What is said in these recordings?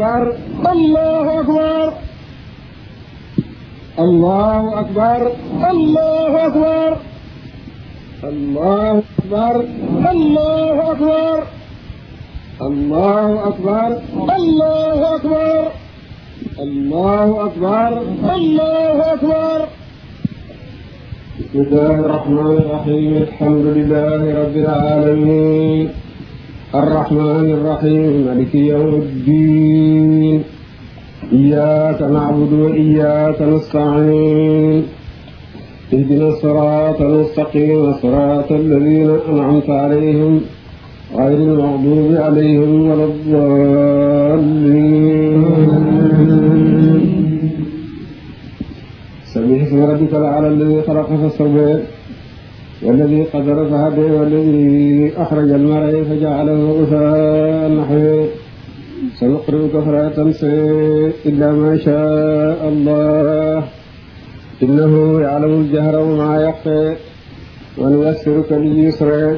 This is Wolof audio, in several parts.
akbar allahu akbar allahu akbar allahu akbar allahu akbar allahu akbar allahu akbar allahu akbar الله أكبر الله أكبر بسم الله الرحمن الرحيم الحمد لله رب العالمين الرحمن الرحيم مالك يوم الدين إياك نعبد وإياك نستعين اهدنا الصراط المستقيم صراط الذين أنعمت عليهم غير المغضوب عليهم ولا الضالين سبح اسم ربك الأعلى الذي خلق فسوى والذي قدر فهدي والذي أخرج المرعي فجعله غثاء نحوه سنقرئك فلا تنسى إلا ما شاء الله إنه يعلم الجهر وما يخفى ونيسرك لليسر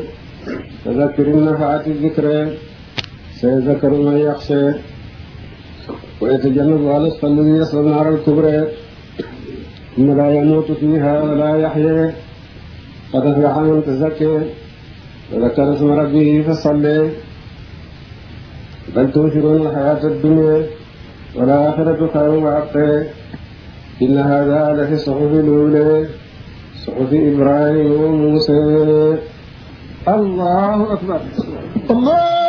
فذكر النفعة الذكر سيذكر من يخشى ويتجنب على الذي يصل النار الكبرى إن لا يموت فيها ولا يحيى fadaf nga xaman tazakkee wa zakara sma rabbihi fa sallee bal tuusiroon alxayaata dunia wala axiratu xayrun wa abqee inna hada la fi suxufi luulee suxufi ibrahima wa muusa allahu akbar allah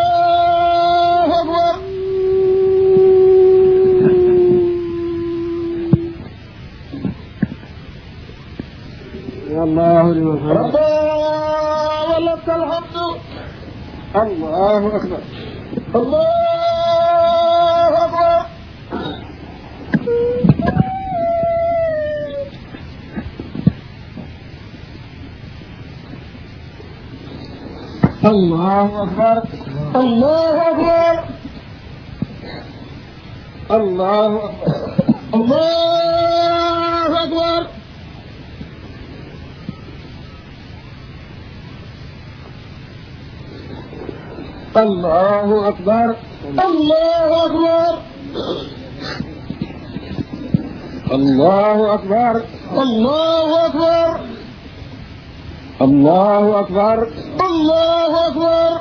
الله لمن حمده ربنا ولك الحمد الله أكبر الله أكبر الله أكبر الله أكبر الله أكبر الله الله أكبر الله أكبر الله أكبر الله أكبر الله أكبر الله أكبر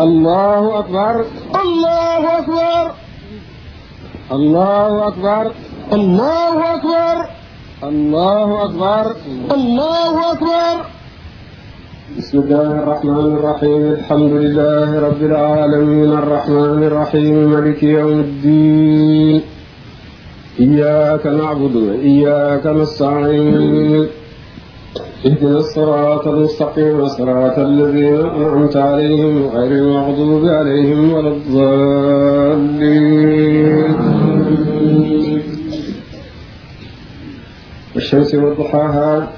الله أكبر الله أكبر الله أكبر الله أكبر الله أكبر الله أكبر بسم الله الرحمن الرحيم الحمد لله رب العالمين الرحمن الرحيم ملك يوم الدين إياك نعبد وإياك نستعين اهدنا الصراط المستقيم صراط الذين أنعمت عليهم غير المغضوب عليهم ولا الضالين والشمس وضحاها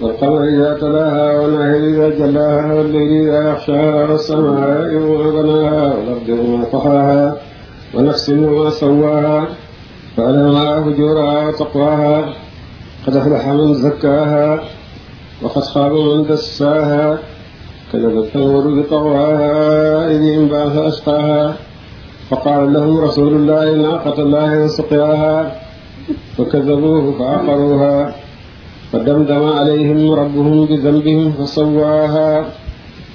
والقمر إذا تلاها والنهر إذا جلاها والليل إذا يخشاها والسماء وما بناها والأرض وما طحاها ونفس وما سواها فألهمها فجورها وتقواها قد أفلح من زكاها وقد خاب من دساها كذبت ثمود بطغواها إذ انبعث أشقاها فقال لهم رسول الله ناقة الله وسقياها فكذبوه فعقروها فدمدم عليهم ربهم بذنبهم فسواها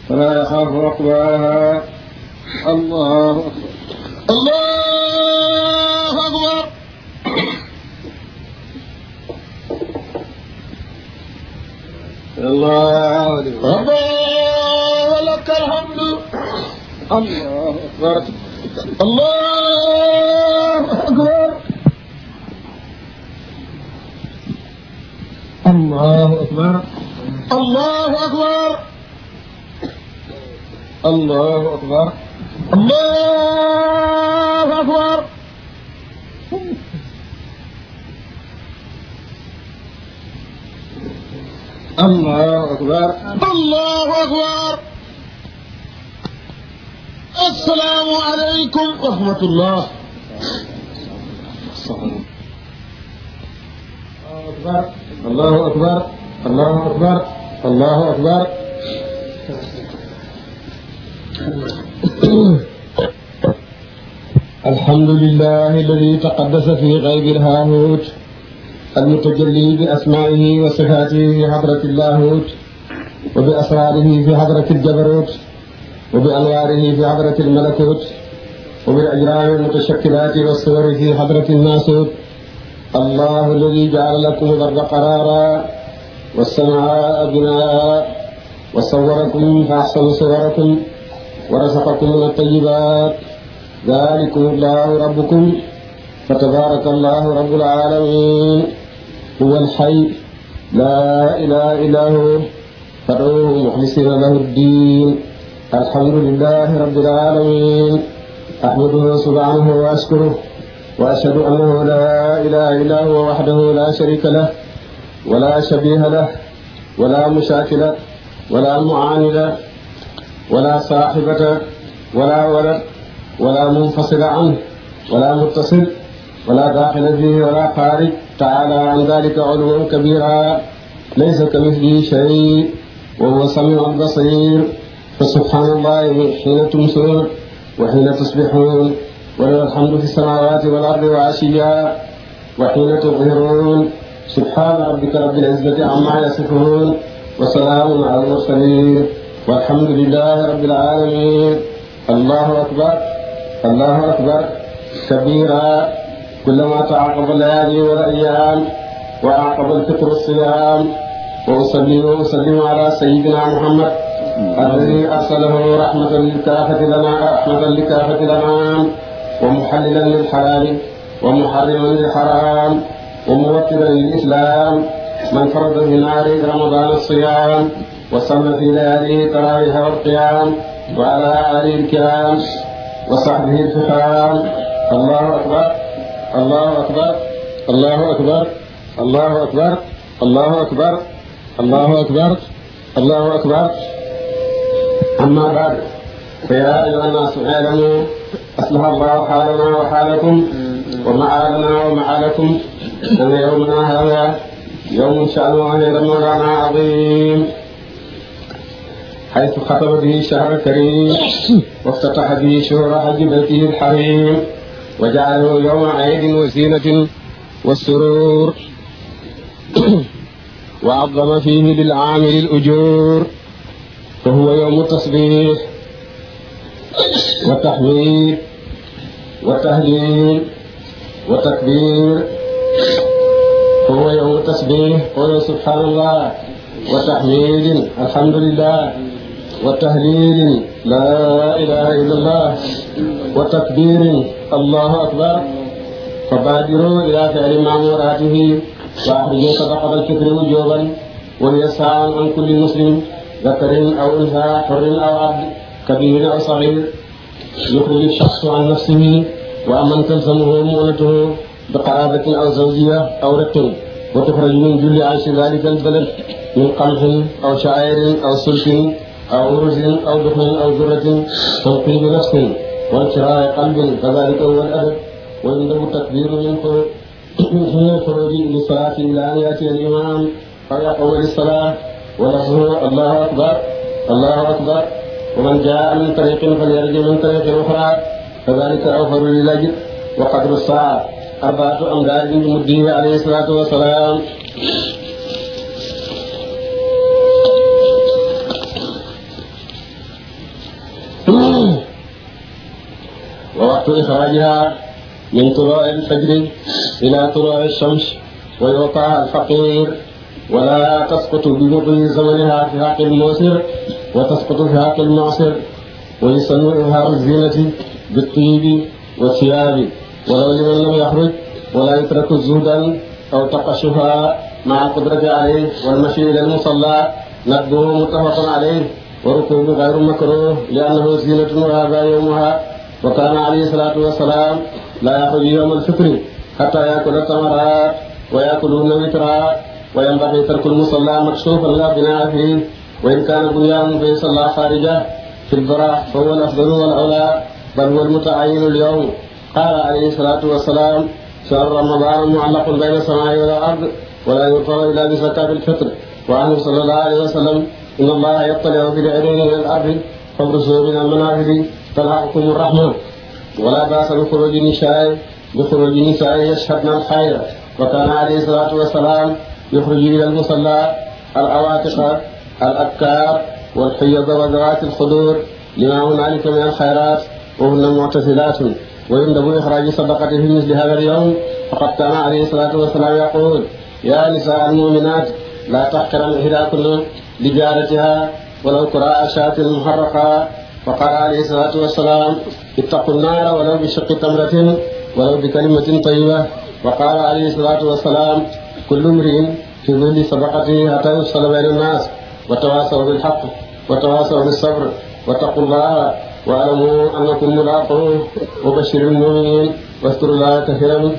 فلا يخاف عقباها الله أكبر الله أكبر الله أكبر الله لك الحمد الله أكبر الله أكبر الله أكبر الله أكبر الله أكبر الله أكبر الله أكبر الله أكبر السلام عليكم ورحمة الله أكبر الله أكبر الله أكبر الله أكبر الحمد لله الذي تقدس في غيب الهاموت المتجلي بأسمائه وصفاته في حضرة اللاهوت وبأسراره في حضرة الجبروت وبأنواره في حضرة الملكوت وبالأجرام المتشكلات والصور في حضرة الناسوت الله الذي جعل لكم الأرض قرارا والسماء بناء وصوركم فأحسن صوركم ورزقكم من الطيبات ذلكم الله ربكم فتبارك الله رب العالمين هو الحي لا إله إلا هو فادعوه مخلصين له الدين الحمد لله رب العالمين أحمده سبحانه وأشكره وأشهد أنه لا إله إلا هو وحده لا شريك له ولا شبيه له ولا مشاكل ولا معاند ولا صاحبة ولا ولد ولا منفصل عنه ولا متصل ولا داخل فيه ولا خارج تعالى عن ذلك علوا كبيرا ليس كمثله شيء وهو السميع البصير فسبحان الله حين تمسون وحين تصبحون وله الحمد في السماوات والأرض وعشيا وحين تظهرون سبحان ربك رب العزة عما يصفون وسلام على المرسلين والحمد لله رب العالمين الله أكبر الله أكبر كبيرا كلما تعاقب الليالي والأيام وأعقب الفطر الصيام وأصلي وأسلم على سيدنا محمد الذي أرسله رحمة لكافة لنا رحمة لكافة الأنعام ومحللا للحلال ومحرما للحرام وموكلا للإسلام من فرض في نار رمضان الصيام وصلى في لياليه التراويح والقيام وعلى آله الكرام وصحبه الفحام الله أكبر الله أكبر الله أكبر الله أكبر الله أكبر الله أكبر الله أكبر أما بعد فيا أيها الناس اعلموا أصلح الله حالنا وحالكم ومعادنا ومعادكم أن يومنا هذا يوم شأنه رمضان عظيم حيث خطب به شهر كريم وافتتح به شهر حج بيته الحريم وجعله يوم عيد وزينة والسرور وعظم فيه للعامل الأجور وهو يوم التصبيح wa taxmid wa tahlil wa takbir foofu yow tasbih foofu yow subhanallah wa tahmidin alhamdulillah wa tahlilin la ilaha illallah wa takbirin allahu akbar فبادروا إلى فعل معموراته وأخرجوا صدقة الفطر وجوبا وليسعى عن كل مسلم ذكر أو أنثى حر أو عبد كبير أو صغير يخرج الشخص عن نفسه ومن تلزمه مؤنته بقرابة أو زوجية أو رق وتخرج من جل عيش ذلك البلد من قلب أو شعير أو سلك أو أرز أو دخن أو ذرة تنقيب نفس وانشراء قلب فذلك هو الأدب ويندب التكبير من الخروج للصلاة إلى أن يأتي الإمام أو أول الصلاة ولفظه الله أكبر الله أكبر ومن جاء من طريق فليرجع من طريق أخرى فذلك أوفر للأجر وقدر الساعة أربعة أمداد لمده عليه الصلاة والسلام ووقت إخراجها من طلوع الفجر إلى طلوع الشمس ويوقع الفقير ولا تسقط بمضي زمنها في حق الموسر وتسقط فاك المعصر ويسن إظهار الزينة بالطيب والثياب ولو لمن لم يخرج ولا يترك زهدا أو تقشها مع القدرة عليه والمشي إلى المصلى نقده متفق عليه وركوب غير مكروه لأنه زينة وهذا يومها وكان عليه الصلاة والسلام لا يخرج يوم الفطر حتى يأكل الثمرات ويأكلون وترا وينبغي ترك المصلى مكشوفا لا بناء فيه وإن كان بنيان فإن صلى خارجا في البراء فهو الأفضل والأولى بل هو المتعين اليوم قال عليه الصلاة والسلام شهر رمضان معلق بين السماء والأرض ولا يرفع إلا بزكاة الفطر وعنه صلى الله عليه وسلم إن الله يطلع بالعينين إلى الأرض فابرزوا من المنافذ تلحقكم الرحمة ولا بأس بخروج النساء بخروج النساء يشهدن الخير وكان عليه الصلاة والسلام يخرج إلى المصلى العواتق الأبكار والحيض وذوات الخدور لما هنالك من الخيرات وهن معتزلات ويندب إخراج صدقته في مثل هذا اليوم فقد كان عليه الصلاة والسلام يقول يا نساء المؤمنات لا تحقرن إحداكن لجارتها ولو كراء شاة محرقة وقال عليه الصلاة والسلام اتقوا النار ولو بشق تمرة ولو بكلمة طيبة وقال عليه الصلاة والسلام كل امرئ في ظل صدقته حتى يفصل بين الناس wa tawaasaw bil xaq wa tawaasaw bis sabr wa taqullaha wa alamu annakum mulaaquuhu wa bashiril muminin waskurullaha kasiran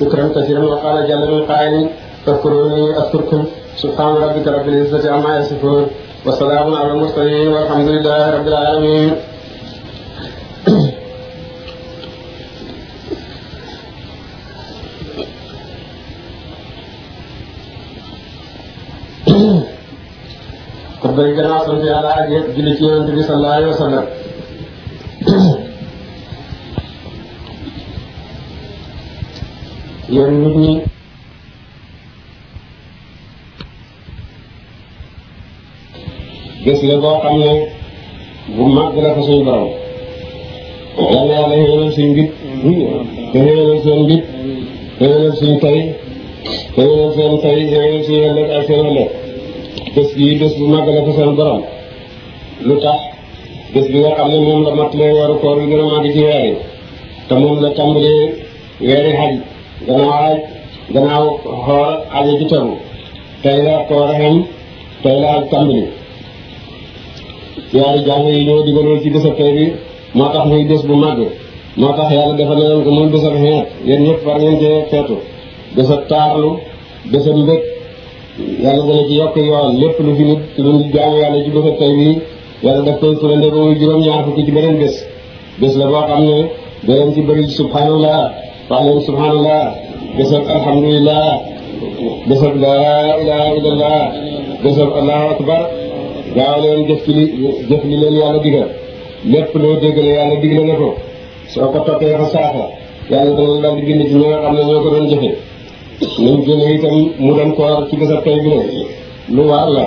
sukran kasiran wa qaala jalla min qaa'ilin fadkuruni askurkum subhaana rabbika rabbil izzati amma yasifuun wa salaamun alal mursaliin walhamdulillahi rabbil aalamiin bëri gannaaw sant yàlla ak yëpp julli ci yonent bi sallallahu alayhi wa sallam yéen nit ñi gis la boo xam ne bu màgg la ko suñu borom yàlla yàlla xéewal suñu ngit te xéewal seen ngit xéewal suñu tey xéewal seen tey xéewal suñu ëllëg ak seen ëllëg bés bii bés bu màgg la ko seen borom lu tax bés bi nga xam ne moom la matalee weeru koor bi gën a màgg ci weer te moom la tàmbalee weeri xaj gannaaw xaj gannaaw xoor xaje ci tegu tey la koor xam jàng yi ñoo digaloon ci bésab tey bi moo tax muy bés bu màgg moo tax yàlla defal leen ko muy bésab xeet yéen ñëpp war ngeen cee feetu bésab taarlu bésab mbëg yàlla dana ci yokk yoon lépp lu fi nit lu nit jaamu yàlla ci bësa tey bi yàlla daf koy surande ba muy juróom-ñaar fukki ci beneen bés bés la boo xam ne beneen ci bëri subhanallah wax leen subhanallah bésab alhamdulillah bésab laa ilaha illallah bésab allahu akbar gaaw leen jëf ci li jëf li leen yàlla digal lépp loo dégale yàlla digle na ko soo ko toppee fa saasa yàlla dana la di bind ci ñi nga xam ne ñoo ko doon jëfee ni mu dem koor ci bésab tey bi lu waar la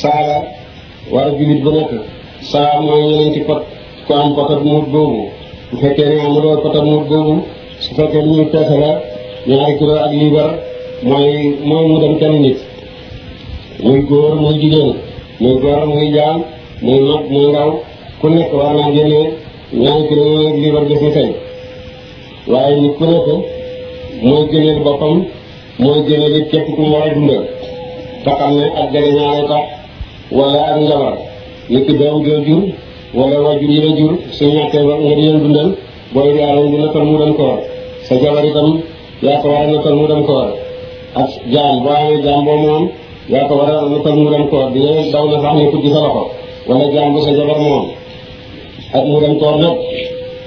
saala war a jullit ba nekk saa mooy ñeneenti pot ku am potab muut boobu boobu su fekkee lu peese la ñaari kilo ak liibar mooy mooy mu dem kenn nit muy góor muy jigéen muy góor muy jaam muy mag muy ndaw ku nekk war naa génnee ñaari kilo ak liibar gis ñu waaye nit ku nekk mooy gëneel boppam mooy gëneel it képp ku mu war a dundal te xam ne ak gën a ñaare tax wala ak njabar nit ki doom joo jur wala wajur nga di leen dundal booy jaaroon bi nattal mu dem koor sa jabar itam yaa ko war a nattal mu dem koor ak jaam boo amee jaam boo moom yaa ko war a nattal mu dem koor dina daw na sax ne ku ci sa loxo wala jaam bu sa jabar moom ak mu dem koor nag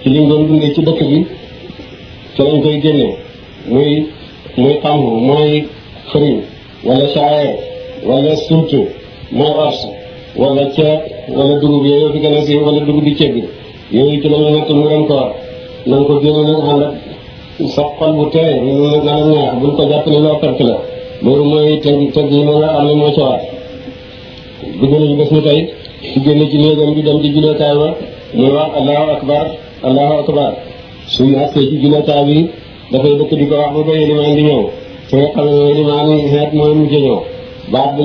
ci li doon dundee ci dëkk bi ci lañ koy génnee muy muy xam mooy fëriñ wala caayoo wala surtu mooy ors wala ceeb wala dugub yooyu fi gën a siiw wala dugub bi ceeb yooyu ci la ñu nekk mu ren koor na nga ko génne nag ànd xol bu tee loolu na la neex bul ko jàpp ne loo perte la loolu mooy teg teg yi ma nga xam ne moo ci war bu gën a bés ni tey su génne ci néegam bi dem ci jullookaay ba muy wax allahu akbar allahu akbar suñu àttee ci jullookaay bi dafay bëgg di ko wax ba bëri limaan di ñëw su nga xam ne mooy limaan yi xeet mooy mujj ñëw baat bi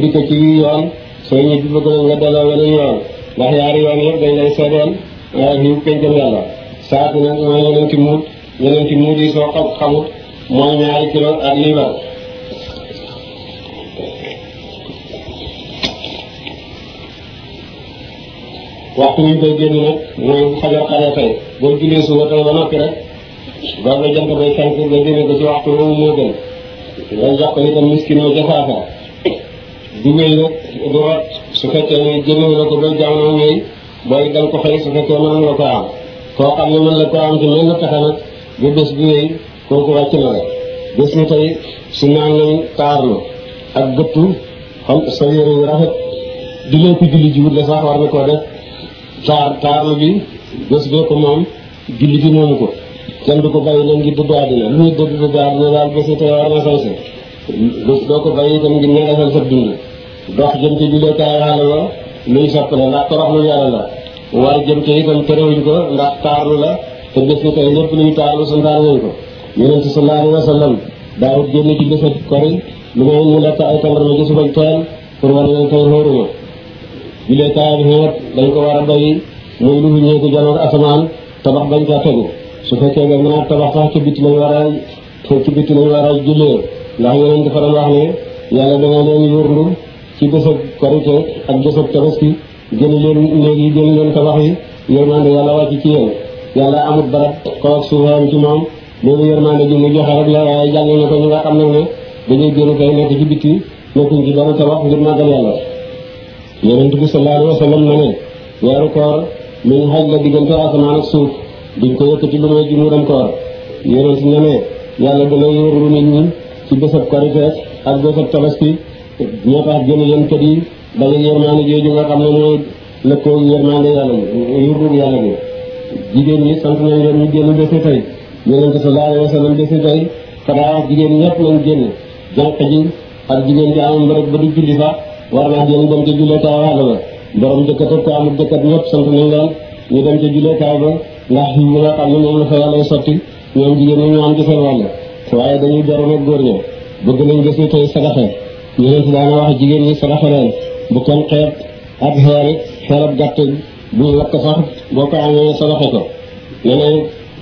nag soo ñibbi bëgg na nga delloo weneen yoon ndax yaari xamut mooy ñaari kilo ak liibar waxtu wuñ koy génn nag mooy bu fajar xaree fay boo jullee suba tey ba noppi rek ba nga jant bay fenk nga génne ko ci waxtu woowu moo gën nga jox ko itam miskin oo ca saafara du wéy rek du rot su fekkee ne génne la ko bay jamono wéy booy danga ko fay su fekkee mën la ko am koo xam ne mën la ko am te mën na tax nag bu bés bu wéy kooku wàcc na la bés ni tey su naan lañ taarlu ak gëttu xam sa yére yu rafet di leen ko julli jiwut la sax war na koo def taar taama bi bés boo ko moom julli bi moomu ko kenn du ko bàyyi leen ngir bëgg àddina lu ñuy bëgg bëgg àddina daal bés it war na sañ sa bés boo ko bàyyi itam ngir neexal sa dund dox jëm ci jullookaay xaala la luy sopp la ndax torox lu yàlla la waaye jëm ci itam terewuñ ko ndax taarlu la te bés ni tey lépp luy taarlu santaan nañ ko yonente sallallahu alayhi wa sallam daawut génn ci bés kori lu may mu lekk ay tàndarma ci subañ teel pour wane leen tey xóoruma bi lee dañ ko war a bay mooy lu ñëw ko janoog asamaan tabax bañ ca tegu su fekkee nga mën a tabax sax ci bitti lañ war a ci bitti lañ war a jullee ndax yeneen dafa doon wax ne yàlla dana leen yurlu ci bésab korite ak bésab tabaski génn leen néeg yi génn leen tabax yi yërmande yàlla wàcc ci yéen yàlla amut barab kaw ak suufam ci moom loolu yërmande ji mu joxe rek la waaye jàng na ko ñu nga xam nag ne dañuy génn kay nekk ci bitti nekkuñ ci dara tabax ngir màggal yàlla yonent bi sallallahu alayhi wa sallam na ne weeru koor mi ngi xaj la diggante asamaan ak suuf duñ ko yëkkati lu may juróom koor yonent na ne yàlla dana yóoru nit ñi ci bésab korite ak bésab tabaski ñoo tax gën yéen kër yi dañu yërmaande jooju nga xam ne mooy lëkkoo yërmaande yàlla bi yurru yàlla jigéen ñi sant nañ leen ñu génn bési tey yonent sallallahu alayhi wa sallam bési tey xadaa jigéen ñëpp nañ génn jànq ji ak jigéen ji amoon bërëb ba du julli sax waa nañ jéem dem ca jullekaay waalo ba borom dëkkat ak ko amul dëkkat ñëpp sant nañ leen ñu dem ca jullekaay ba ndax ñi nga xam ne moom la ñu am ci seen wàll waaye dañuy borom góor ña bëgg nañ gis ñu koy sadaxe ñu leen si daana wax jigéen bu kenn xeeb ab xeer xeer ab gàtt bu ñu lakk sax boo ko amee sadaxe ko ne ne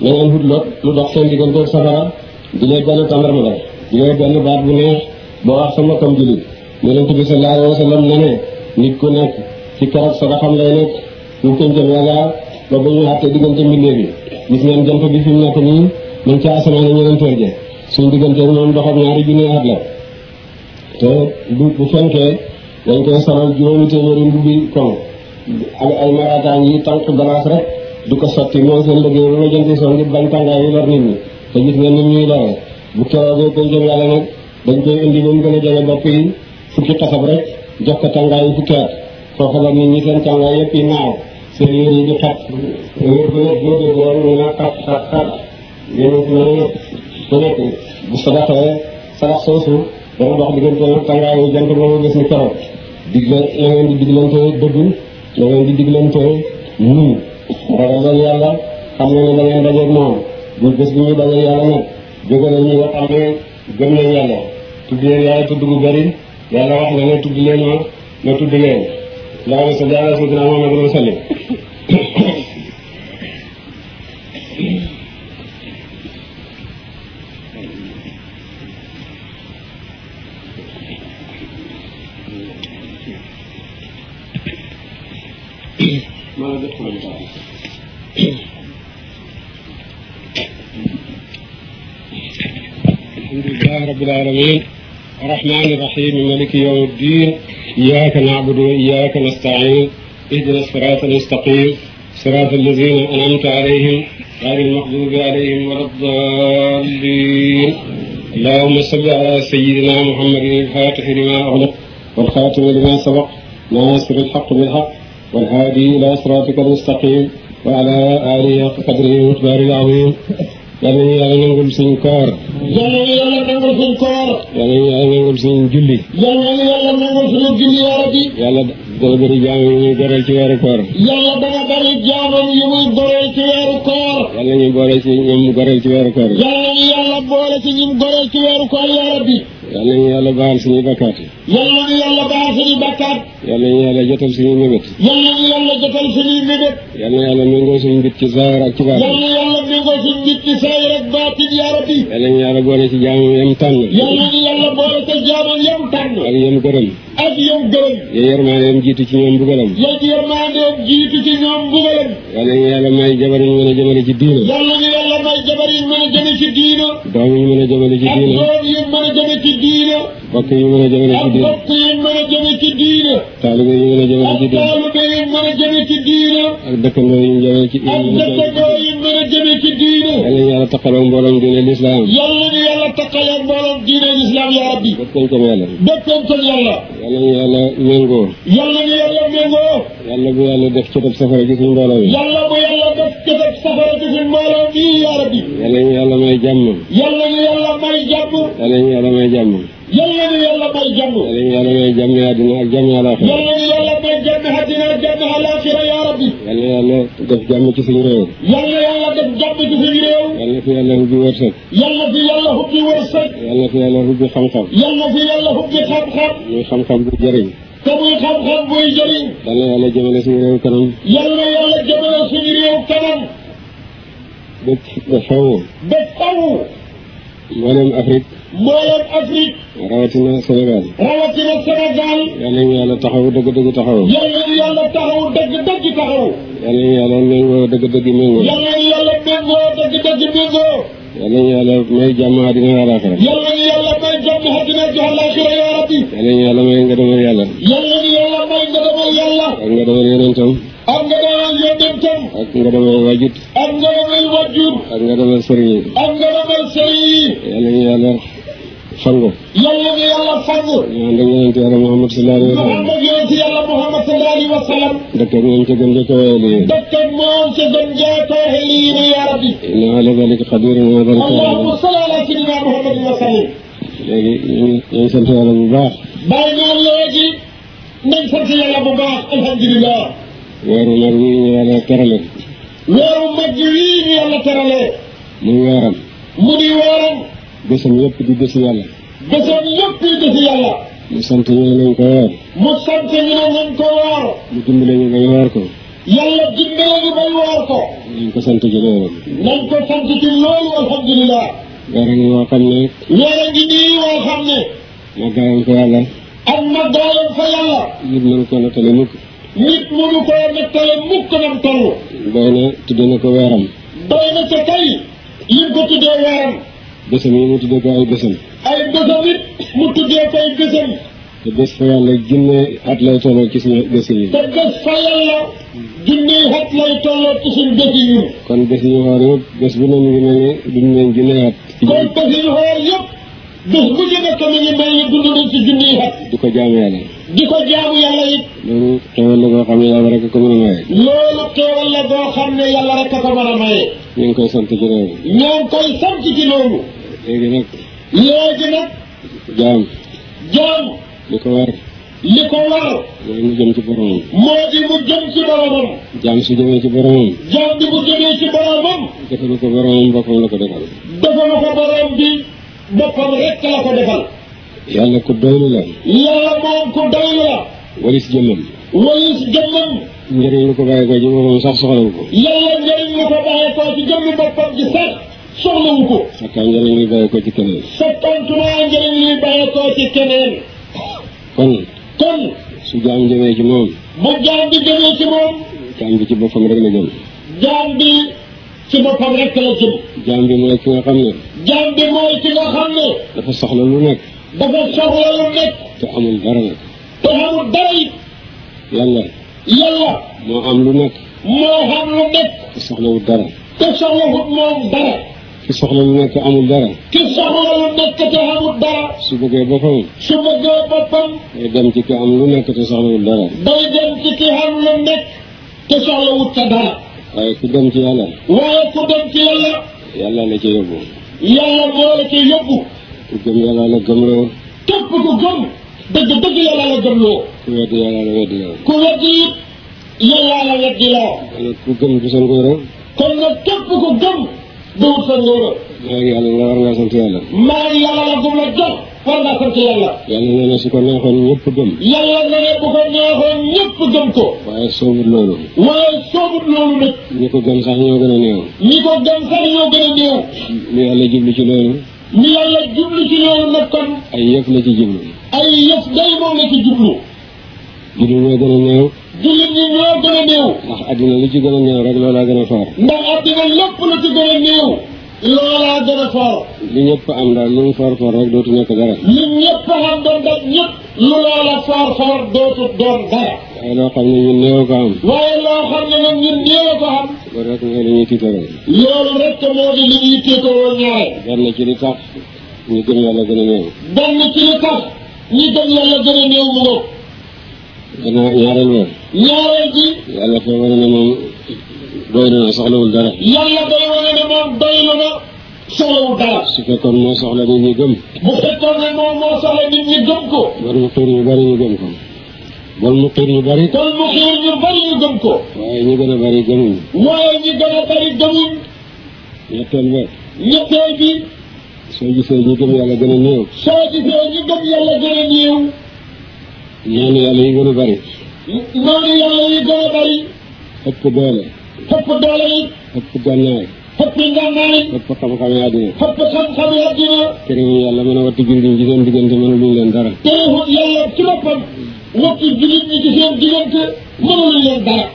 na ngeen wut lot lu dox seen diggante safara di leen benn tàndarma di leen benn baat bu neex boo wax sama kam jullit yonent bi sallallahu alayhi wa sallam ne nit ku nekk ci keroog sa xam lay nekk ñu pëncam yàlla ba ba ñu àttee diggante mbindeef yi gis ngeen jant bi fi mu nekk nii mu ngi ci asamaan a ñenenteer je suñ diggante moom doxam ñaari junni at la te bu bu fenkee dañ koy solal juróomi téeméeri mbubbi koŋ ak ay marataan yi tànk galaas rek du ko sotti mooy seen liggéey ba ma jënti son ngir bañ tàngaay yi lor nit ñi te gis ngeen ni ñuy lawee bu keroogee pëncam yàlla nag dañ koy indi moom gën a jege bopp yi fukki xasab rek jox ko tàngaayu fukki at foofu la nit ñi seen tàngaay yëpp yi naaw seen yéen yi di xat wér bu nekk boo dégg rek ñu naan xat xat xat yéen a mel ni bu nekk bu sadaxee sadax soosu dana dox diggante nag tàngaayu di diglante dëgg la ngeen di diglante nuyu ragal leen yàlla xam ne da ngeen dajeeg moom bu bés bu ñuy dajeeg yàlla nag jógale ñi nga xam ne gëm nañ yàlla tudd yéen yàlla tudd bu yàlla wax na ne tudd leen ma ma tudd leen ndax ne sa jaaree sa alamin الرحمن الرحيم مالك يوم الدين إياك نعبد وإياك نستعين اهدنا الصراط المستقيم صراط الذين أنعمت عليهم غير المغضوب عليهم ولا الضالين اللهم صل على سيدنا محمد الفاتح لما أغلق والخاتم لما سبق ناصر الحق بالحق والهادي إلى صراطك المستقيم وعلى آله قدره ومقداره العظيم yal nañu yàlla nangul suñu koor. yal nañu yàlla nangul suñu koor. yal nañu yàlla nangul suñu julli. yal nañu yàlla nangul suñu julli yaa rabbi. yàlla dana bëri jaam yu muy goreel ci weeru koor. yàlla dana bëri jaam yu muy goreel ci weeru koor. yal nañu boole ci ñoom goreel ci weeru koor. yal nañu yàlla boole ci ñoom goreel ci weeru koor yaa rabbi. yal nañu yàlla baal suñuy bakkaat. yal nañu yàlla baal suñuy bakkaat. yàlla ñu yàlla jotal suñuy mébét yàlla ñu yàlla jotal mbit ci saayir ak ci baatin yàlla ñu mbit ci saayir ak baatin yaa rabbi boole ci jaamam yam tànn yàlla boole ci jaamam yam tànn ak yam gërëm ak yam gërëm yoy yërmaandeem jiitu ci jiitu ci ñoom mbugalam yàlla ñu yàlla jabar ñu mën a jëmale ci diina yàlla ñu jabar ñu mën a ci diina doom ñu mën a jëmale ci diina ci diina mbokk yi mën a jëmale ci diine mbokk yi mën a jëme ci diine taalibe yi mën a jëmale ci diine taalibe yi mën a jëme ci diine ak dëkkandoo yi jëme ci ak dëkkandoo yi mën a jëme ci diine yàlla ñu yàlla taqaloog mbooloom diine lislaam yàlla ñu yàlla taqaloog mbooloom diine lislaam yaa rabbi dëkkoon comme yàlla dëkkoon comme yàlla yàlla ñu yàlla méngoo yàlla ñu yàlla méngoo yàlla bu yàlla def cëtab safara ci suñ mbooloo yi yàlla bu yàlla def cëtab safara ci suñ mbooloo yi yaa rabbi yàlla ñu yàlla may jàmm yàlla ñu yàlla may jàmm yàlla ñu yàlla may jàmm yal na ñu yàlla may jàmm. yal na ñu yàlla may jàmm àddina ak jàmm àlaaxira. yal na ñu yàlla may jàmm àddina ak jàmm àlaaxira yaa rabbi. yal na yàlla def jàmm ci suñu réew. yal na yàlla def jàmm ci suñu réew. yal na fi yàlla ubbi wërsëg. yal na fi yàlla ubbi wërsëg. yal na fi yàlla ubbi xam-xam. yal na fi yàlla ubbi xam-xam. muy xam-xam bu jëriñ. te muy xam-xam buy jëriñ. yal na yàlla jëmale suñu réew kanam. yal na yàlla jëmale suñu réew kanam. ba ba faw. ba faw. mboolem Afrique. mboolem Afrique. rawatina Sénégal. rawatina Sénégal. yal nañu yàlla taxawu dëgg-dëgg taxawu. yal nañu yàlla taxawu dëgg-dëgg taxawu. yal nañu yàlla méngoo dëgg-dëgg méngoo. yal nañu yàlla méngoo dëgg-dëgg méngoo. yal nañu yàlla may jàmm àddina àllaaxira. yal nañu yàlla may jàmm àddina àllaaxira yaa rabbi. yal nañu yàlla may ngërëmal yàlla. yal nañu yàlla may ngërëmal yàlla. ak ngërëmal yonentam. ak nga demal yoo dem tam. ak nga demal wajut. ak nga demal wajut. ak nga demal sëriñ yi. ak nga demal sëriñ yi. yàlla ñu yàlla fangu. yàlla ñu yàlla fangu. ñu ànd ak yonent yàlla Muhammad sallallahu alayhi wa sallam. ñu ànd ak yonent yàlla Muhammad sallallahu alayhi wa sallam. dëkk ak moom ca gën jee kawe lii. dëkk ak moom ca gën jee kawe lii ne yaa rabbi. inna ala dalika qadiirun wa baraka. allahumma salli ala sayyidina Muhammad wa sallim. léegi ñu ngi ñu ngi sant yàlla bu baax. bàyyi naa léegi nañ sant yàlla bu baax alhamdulilah. weeru lor wii ñu yàlla terale weeru mag wii ñu yàlla terale muy weeram mu di weeram bésam yëpp di bési yàlla bésam yëpp di yàlla mu sant ñu ne nañ ko woor mu sant ñu ne nañ ko woor mu dimbale ñu bay woor ko yàlla dimbale ñu bay woor ko nañ ko sant ci loolu nañ ko sant ci loolu alhamdulilah weera ngi woo xam ne weera ngi nii woo xam ne ma gaayam fa yàlla ak ma gaayam fa yàlla nit mën ko nattale mukk nit mënu koo nettale mukk nam toll doy na tudde na ko weeram doy na ca kay lim ko tuddee weeram bésam yi mu tuddee ko ay bésam ay bésam it mu tuddee ko ay te bés fa yàlla junne at lay tolloo ci suñu bés yi kon bés yi xoor yëpp bés bu ne mu ngi mel ni dund nañ junne at kon bés yi xoor yëpp bés bu ñu nekk ngi mel ni dund nañ ci junne at di ko jaam yàlla di ko jaamu yàlla it. loolu teewal la boo xam ne yàlla rek ko mën maye. loolu koy sant ci loolu. ñoo ngi koy sant ci loolu. léegi nag. léegi nag. jaam. jaam. li ko war. li ko war. mooy mu ci moo di mu jëm ci boromam. jaam su jëmee ci boromam. jaam bi mu jëmee ci boromam. defalu ko boromam boppam la ko defal. la ko defal. yàlla ko doylu la. moom ko doylu la. walis jëmmam. walis jëmmam. njëriñ lu ko ko ci boppam sax soxlawu ko. yàlla njëriñ lu ko bàyyi ko ci jëmmi boppam ci ko. sakkaan njëriñ ko ci keneen. sakkaan tumaa njëriñ luy bàyyi ko ci keneen. jaam jëmee ci moom. bu jaam bi jaam bi ci boppam rek la jëm. jaam bi ci boppam rek la jëm. jaam bi mooy ki nga xam ne. jaam bi mooy ki nga xam ne. dafa soxla lu nekk. dafa soxla lu nekk. te amul dara nag. te amul dara it. yàlla. yàlla. moo am lu nekk. moo xam lu nekk. te soxlawut dara. te soxlawut moom dara. ki soxla lu nekk amul dara. ki soxla lu nekk te amul dara. su bëggee boppam. su bëggee boppam. day dem ci ki am lu nekk te soxlawut dara. day dem ci ki am lu nekk te soxlawut sa dara. waaye ku dem ci yàlla. waaye ku dem ci yàlla. yàlla la ci yóbbu. yàlla moo la ci yóbbu. ku gëm yàlla la gëmloo. képp ku gëm dëgg dëgg yàlla la gëmloo. ku weddi yàlla la weddi loo. ku weddi yàlla la weddi loo. ku gëm du sa ngóora. kon nag képp ku gëm duwut sa ngóora. maa ngi yàlla la gëm la jot. war ngaa sant yàlla. yàlla nee na su ko neexoon ñëpp gëm. yàlla nee bu ko neexoon ñëpp gëm ko. waaye soobut loolu. waaye soobut loolu nag. ñi ko gëm sax ñoo gën a néew. ñi ko gëm a néew. li yàlla jublu ci loolu. ni yàlla jublu ci loolu nag ay yëf la ci jublu. ay yëf day moom la ci jublu. jullit ñoo gën a néew. jullit ñi ñoo gën a néew. ndax addina lu ci gën a néew rek loolaa gën a foor. ndax addina lépp lu ci gën a néew. loolaa gën a foor. li ñëpp am daal lu mu foor foor dootu nekk dara. lu loola foor dootu doon dara. waaye loo xam ne ñun néew ko am. waaye loo xam ne nag ñun néew ko am. loolu rek mooy li ñuy tiitaroo. loolu rek moo di li ñuy tiitaroo ñaare. benn ci li tax ñu gëm yàlla gën a néew. benn ci li tax ñu gëm yàlla gën a néew mu ngoog. gannaaw ñaareel moom. ñaareel bi. yàlla fay wane ne moom doy na soxlawul dara. yàlla day wane ne moom doy na na. soxlawul dara. su fekkoon moo soxla nit ñi gëm. bu fekkoon ne moom moo soxla nit ñi gëm ko. war na xëy na ñu bari ñu gëm ko. wal mu xiir ñu bari. kon mu xiir ñu bari ñu gëm ko. waaye ñu gën a bari gëmuñ. waaye ñu gën a bari gëmuñ. ñetteel ba. ñetteel bi. soo gisee ñu gëm yàlla gën a néew. soo gisee ñu gëm yàlla gën a néew. noonu yàlla yi gën a bari. noonu yàlla yi gën a bari. ëpp doole. ëpp doole yi. ëpp gànnaay. ëpp ngànnaay. ëpp xam-xam yi àddina. ëpp xam-xam yi àddina. terewul yàlla mën a wattu jullit ñi ci seen diggante mënul luñ leen dara. terewul yàlla ci boppam. ñetti jullit ñi ci seen diggante mënul leen dara.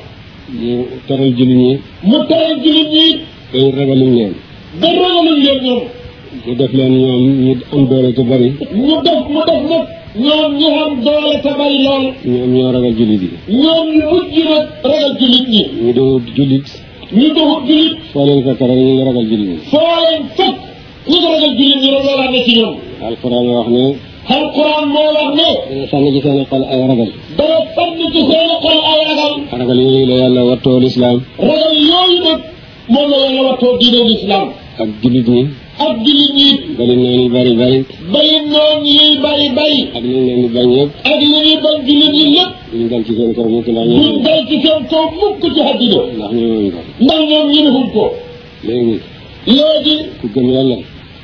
mu teral jullit ñi. mu teral jullit ñi. day ragaluñ leen. ba ragaluñ leen ñoom. mu def leen ñoom ñu am doole te bari. ñu def mu def nag ñoom ñu am doole te bari lool. ñoom ñoo ragal jullit yi. ñoom ñu mujj nag ragal jullit ñi. ñu doxut jullit. ñu doxut jullit. foo leen fekk rek ñu ngi ragal jullit ñi. foo leen fekk ñu ngi ragal jullit ñi rek loola ne ci ñoom. alxuraan wax ne. alquran moo wax ne. dana sànni ci seen xol ay ragal. dana sànni ci seen xol ay ragal. ragal yooyu la yàlla wattoo lislaam. ragal yooyu nag moom la yàlla wattoo diine lislaam. ak jullit ñi. ak jullit ñi. bari noonu yi bari bari. bari noonu yi bari bari. ak li ñu leen di bañ yëpp. ak li ñuy bañ jullit ñi lépp. ñu dal ci seen kaw mukk ndax ñu. ñu dal ci seen kaw mukk ci àddina. ndax ñooñu ko. ndax ñoom ñu ne ko. léegi. léegi. ku gëm yàlla.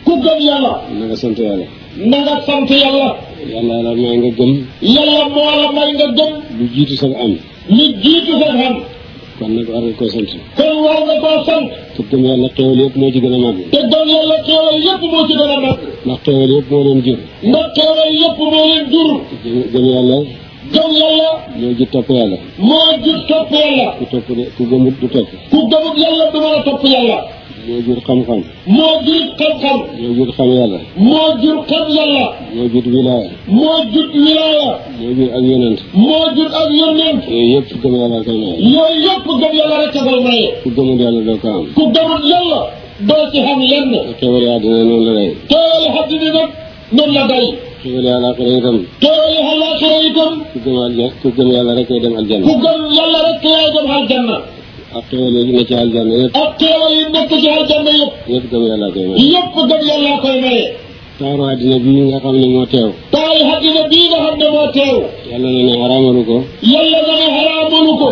ku gëm yàlla. na nga sant yàlla. na sant yàlla. yàlla la may nga gëm. yàlla moo la may nga gëm. lu jiitu sa am. lu jiitu sa am. kon nag war nga sant. kon war nga koo sant. te gëm yàlla xéwal yëpp moo ci gën a màgg. te gëm yàlla xéwal yëpp moo ci gën a màgg. ndax xéwal leen jur. ndax xéwal yëpp moo leen jur. gëm yàlla. gëm yàlla. moo ji topp yàlla. moo ji topp yàlla. ku topp de ku gëmut du topp. ku gëmut yàlla du mën a topp yàlla. moo jur xam-xam. moo jur xam-xam. moo jur xam yàlla. moo jur xam yàlla. moo jur wilaaya. moo jur wilaaya. moo jur ak yonent. moo jur ak yonent. yooyu yëpp gëm yàlla rek a maye. yooyu yëpp gëm yàlla rek a koy maye. ku gëmul yàlla doo ko am. ku gëmul yàlla doo ci xam lenn. xewal yaa dina noonu la day. xewal yaa dina noonu la day. xewal yaa laaxira itam. xewal yaa laaxira itam. ku gëm yàlla ku gëm yàlla rek koy dem aljanna. ku gëm yàlla rek koy dem aljanna. ak xéwal yi nekk ci aljanna yëpp. ak xéwal yi nekk ci aljanna yëpp. yëpp gëm yàlla koy maye. yëpp gëm yàlla koy maye. taaru àddina bii nga xam ne moo teew. taaru àddina bii nga xam ne moo teew. yàlla na ne xaraamalu ko. yàlla na ne xaraamalu ko.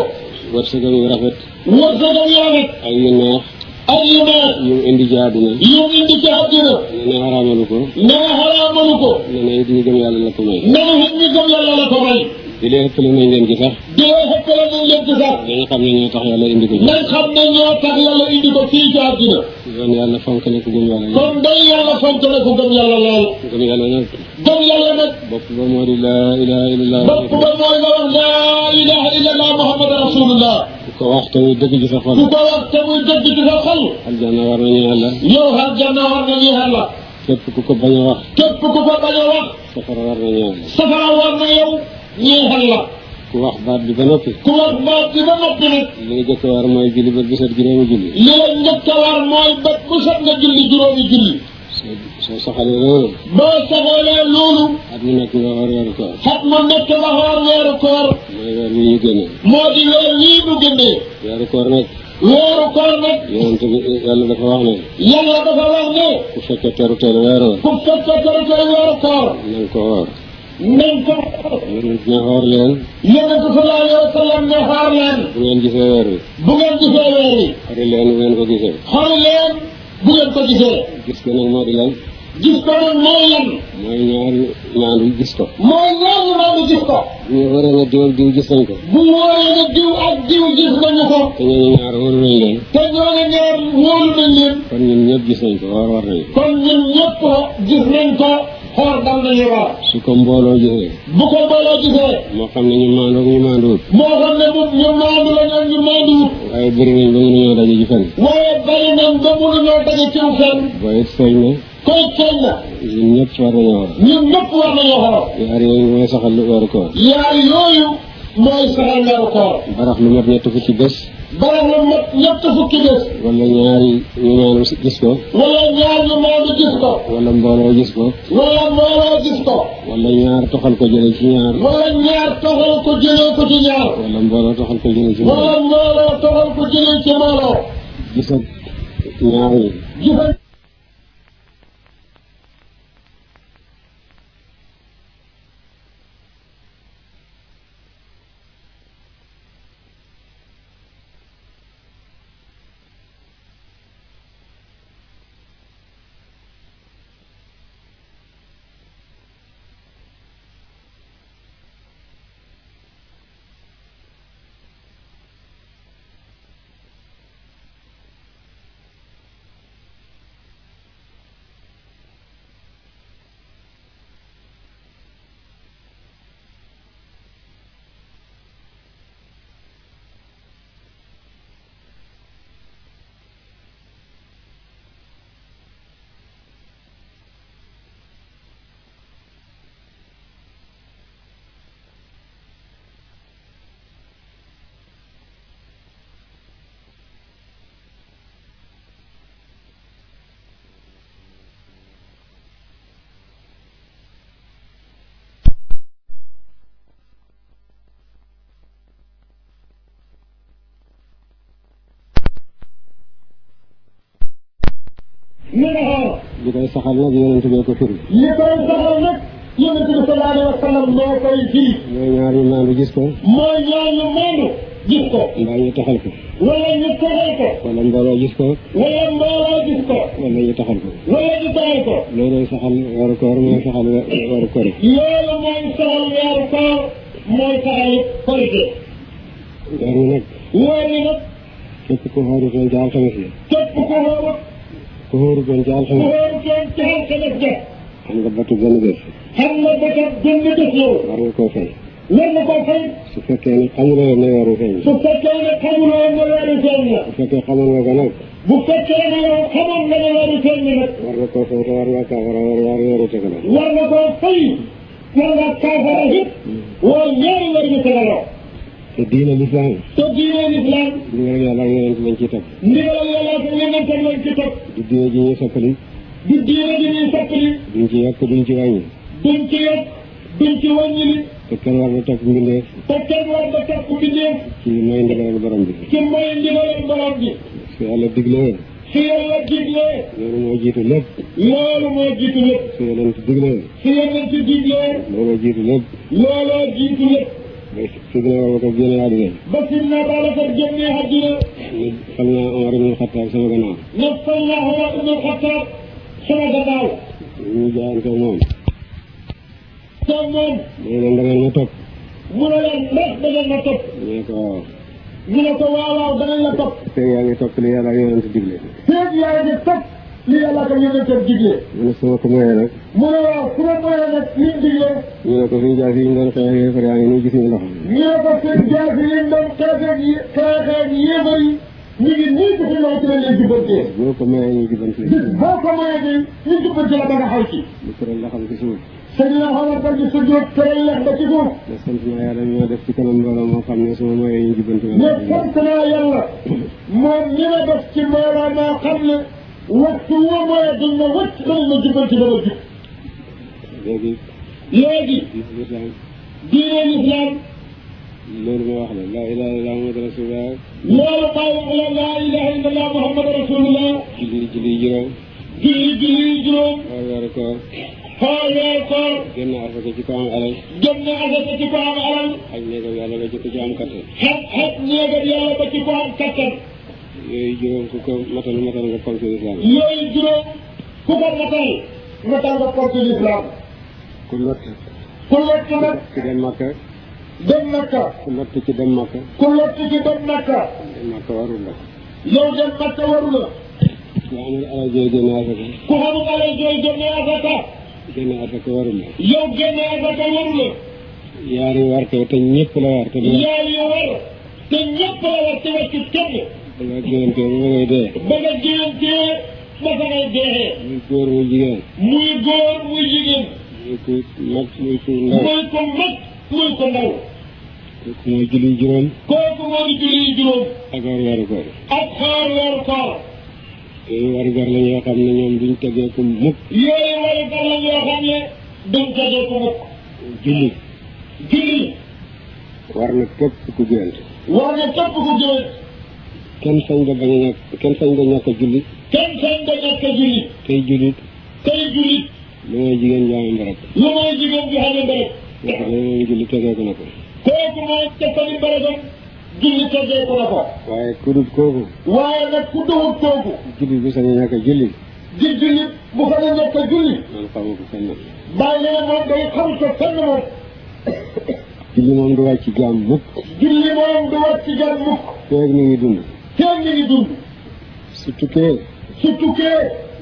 wërsëgam yu rafet. wërsëgam yu rafet. ak yu neex. ak yu neex. yu mu indi ci àddina. yu mu indi ci àddina. ne ne xaraamalu ko. ne ne ko ne ne it ñu gëm yàlla la ko may. di leen xëppale nañ leen ci sax di leen xëppale nañ leen ci sax dañu xam ne ñoo tax yàlla indi ko dañ xam ne ñoo tax yàlla indi ko fii ci àddina kon yàlla fonk na ko gëm yàlla kon day yàlla fonk na ko gëm yàlla lool gëm yàlla nag gëm yàlla nag bopp ba moo di laa ilaha illallah bopp ba mooy nga wax laa ilaha illallah muhammad rasulullah ku ko wax te muy dëgg ci sa xol ku ko wax te muy dëgg ci sa xol aljanna war nañu yàlla yow aljanna war nañu yàlla képp ku ko bañ a wax képp ku ko bañ a wax safara war nañu yàlla safara war na yow ñeexal la. ku wax baat bi ba noppi. ku wax baat bi ba noppi nag. li nga njëkk a war mooy julli bët bu set juróomi julli. li nga njëkk a war mooy bët bu set nga julli juróomi julli. soo soo saxalee loolu. boo saxalee loolu. at mu nekk nga war weeru koor. at mu nekk nga war weeru koor. mooy weer wii ñu génnee. moo di weer wii ñu génnee. weeru koor nag. weeru koor nag. yonent bi yàlla dafa wax ne. yàlla dafa wax ne. ku fekkee teru teel weeru. ku fekkee teru teel weeru koor. na nga ko woor. nañ ko. yonent ne xoor leen. yonent sallallahu alayhi wa sallam ne xoor leen. bu ngeen gisee weer wi. bu ngeen gisee weer wi. xori leen bu ngeen ko gisee. xori leen bu ngeen ko gisee. gis ko nag moo di lan. gis ko nag mooy lan. mooy ñaari maandu gis ko. mooy ñaari maandu gis ko. bu ñu waree ne diw ak diw gis nañ ko. bu ñu waree ne diw ak diw gis nañu ko. te ñooñu ñaar wóolu nañ leen. te ñooñu ñaar wóolu nañ leen. kon ñun ñëpp gis nañ ko war war nañ ko. kon ñun ñëpp gis nañ ko. xool dam nañu war. su ko mbooloo gisee. bu ko mbooloo gisee. moo xam ne ñu maandu ak ñu maanduwut. moo xam ne moom ñu maandu la ñu maanduwut. waaye bëri nañ ba mënuñoo daje ci fenn. sooy ne. koy sooy na. ñun ñëpp war nañoo war. ñun ñëpp war nañoo yaar yooyu. mooy saxal weeru koor. barax lu mat ñett fukki bés. barax lu mat ñett fukki bés. wala ñaari ñu ñaanu gis ko. wala ñaar ñu ñaanu gis ko. wala mbooloo gis ko. wala mbooloo gis ko. wala ñaar toxal ko jëlee ci ñaar. wala ñaar toxal ko jëlee ko ci ñaar. wala mbooloo toxal ko jëlee ci mbooloo. wala mbooloo toxal ko jëlee ci mbooloo. gis ak ñaar yi. ñeneexee. li koy saxal nag yonent bi ko firi. li koy saxal nag yonent bi sallallahu alayhi wa sallam moo koy firi. mooy ñaar ñu maandu gis ko. mooy ñaar ñu maandu gis ko. mbaa ñu taxal ko. wala ñu taxal ko. wala mbooloo gis ko. wala mbooloo gis ko. wala ñu taxal ko. wala ñu taxal ko. loolooy saxal weeru koor mooy saxal weeru koor. loolu mooy saxal weeru koor mooy saxal korite. weer wi nag. weer wi nag. képp ku xoorut rek ca alxames la. képp ku xoorut. ku wóorugoon ci alxames. ku wóorugoon ci alxames ja. xam nga batu benn bés. xam nga batu benn bés war nga koo war nga koo fay. su fekkee nga ko nag. bu fekkee nga ne weeru feeñ war nga koo fay te war nga koo fay. war te diine lislaam. te diine lislaam. ndigal yàlla ak yonent lañ ci teg. ndigal yàlla ak yonent lañ ci teg. du diine ji ñuy soppali. du diine ji ñuy soppali. duñ ci yokk duñ ci wàññi. duñ ci yokk duñ ci wàññi li. te kenn war na topp mbindeef. te kenn war na topp mbindeef. ci li mooy ndigalal borom bi. ci mooy ndigalal borom bi. su yàlla diglee. su yàlla diglee. loolu moo jiitu lépp. loolu moo jiitu lépp. su yonent diglee. su yonent diglee. looloo jiitu lépp. looloo jiitu lépp. sidna Abubakar génn àddina. ba sidna Abubakar génn àddina. fal naa Omar ibn Xattaab sama gannaaw. ne fal naa Omar ibn Xattaab sama gannaaw. ñu jaayante moom. toog moom. mu ne leen da ngeen ma topp. mu ne leen ndax da ngeen ma topp. ñu ne ko waaw. ñu ne ko waaw waaw danañ la topp. feeg yaa ngi topp li yàlla yonent digle. feeg yaa ngi topp. li yàlla ak yonentam digle. mu ne su ma ko mayee nag. mu ne waaw su ma mayee nag li mu digle. ñu ne ko suñu jaas yi ñu doon xeex yéefar yaa ngi nii gis ñu ndox mi. ñu ne ko seen jaas yi ñu doon xeexeeg yi xeexeeg yéefar yi ñu ngi nii gis ñu ndox ci lañ leen jubbantee. boo ko mayee ñu jubbantee. boo ko mayee de ñu jubbantee la ba nga xaw ci. lu tëral la xam ci suuf. sëñ la xamal ba ci sujjóot tëral la ba ci suuf. ne sant naa yàlla ñoo def ci kanam mbooloo moo xam ne su ma mayee ñu jubbantee. ne sant naa yàlla moom ñi ma def ci mbooloo moo xam ne waxtu woo mooy dañ ma wëcc bëri ma jubal ci dama jub. léegi. léegi. diine lislaam. loolu ma wax la laa ilaha illallah muhammad rasulullah. loolu maa wax la laa ilaha illallah muhammad rasulullah. julli julli juróom. julli julli juróom. xool weeru koor. xool weeru koor. génn asaka ci ko am alal. génn asaka ci ko am alal. xaj néegam yàlla ba ci ko ci am kattan. xaj xaj néegam yàlla ba ci ko am kattan. yooyu juróom ku ko matal matal nga ponk lislaam yooyu juróom ku ko matal matal nga ponk lislaam ku lott ku lott nag ci dem makka dem makka ku lott ci dem makka ku lott ci dem makka dem makka warul la yow dem makka warul la ku amul alal jooy génne asaka ku amul alal jooy génne asaka génne asaka warul la yow génne asaka warul la yaari war ko te ñëpp la war te yaari war te ñëpp la war te wàccu kenn ba nga géyantee ba ba ngay dee ba nga géyantee ba fa ngay deexee muy góor muy jigéen muy góor muy jigéen muy ko mag muy ko ndaw muy ko mag muy ko ndaw kooku mooy julli juróom kooku moo di julli juróom ak xaar weeru koor ak xaar weeru koor yooyu war gar la ñoo xam ne ñoom duñ tegee ko mukk yooyu war gar la ñoo xam ne duñ tegee ko mukk julli julli war na képp ku gént war na képp ku gént kenn sañ nga bañ a ñàkk kenn sañ nga ñàkk a julli. kenn sañ nga ñàkk a julli. tey jullit. tey jullit. lu mooy jigéen ju amee mbarab. lu mooy jigéen ju amee mbarab. nga xam ne moom julli tegeeku na ko. kooku mooy tefali mbarabam. julli tegeeku na ko. waaye ku dul kooku. waaye nag ku dul kooku. julli bu sañ a ñàkk a julli. di julli bu sañ a ñàkk a julli. loolu xamu ko fenn. bàyyi leen moom day xam ko fenn moom. julli moom du wàcc jaam mukk. julli moom du wàcc jaam mukk. feeg mi ngi dund. feeg ñu ngi dund. su tukkee.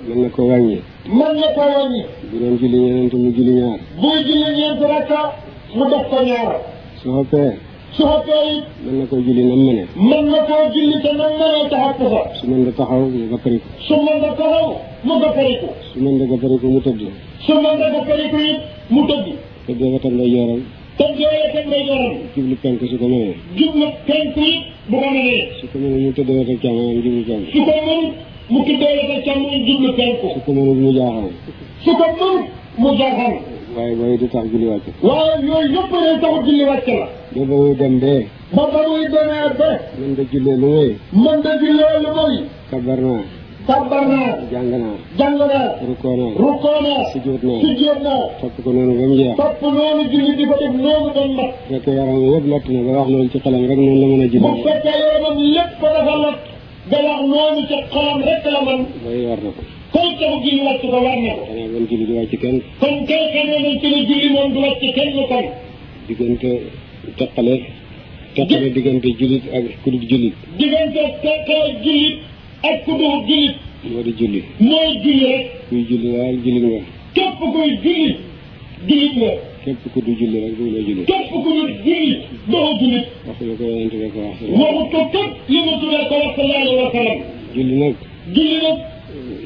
na ko wàññi. mën na ko wàññi. bu doon julli ñeent mu julli ñaar. buy julli ñeent rakka ah, mu def ko ñaar. su xoppee. su xoppee it. mën na koo julli nam mëne. na koo julli te nam mëne taxaw su mën da taxaw mu gappariku. su mën da taxaw mu gappariku. su mën da gappariku mu tëdd. su mën da gappariku it mu tëdd. tëddee wetam lay jooram. kon yooyu tam lay doon. jublu penk su ko mënee. jublu penk yi bu ko mënee. su ko mënee mu tëddee sa càmmoñ jublu penk. su ko mënut mu tëddee sa càmmoñ jublu penk. su ko mënut mu jaaxal. su ko mënut mu jaaxal. waaye booy du tax julli wàcc. waaw yooyu yëpp day taxut julli wàcc la. ba ba muy dem bee. ba ba muy demee bee. mën da jullee lu muy. mën da jullee lu muy. kabar naa. kàbbar naa. jàng naa. jàng naa. rukkoo naa. rukkoo naa. sujjóot naa. sujjóot naa. topp ko noonu ba mu jeex. topp noonu julli di ko def noonu doon mat. fekk yaram yëpp lott na ba wax noonu ci xelam rek noonu la mën a julli. bu fekkee yaramam lépp dafa lott. da wax noonu ci xelam rek la man. loolu war na ko. kon taw gi ñu wàcc ko war na ko. xanaa man julli du wàcc kenn. kon kay xamee ne ci la julli moom du wàcc kenn kon. diggante teqale. teqale diggante jullit ak ku dul jullit. diggante teqale jullit. ak ku dul jullit. mooy julli kuy jullit nga. jullit nga. képp ku du julli rek duñ la julli. képp ku dul jullit. waxuñu ko yonent li mu tuddee ko wax sallallahu alayhi nag. julli nag.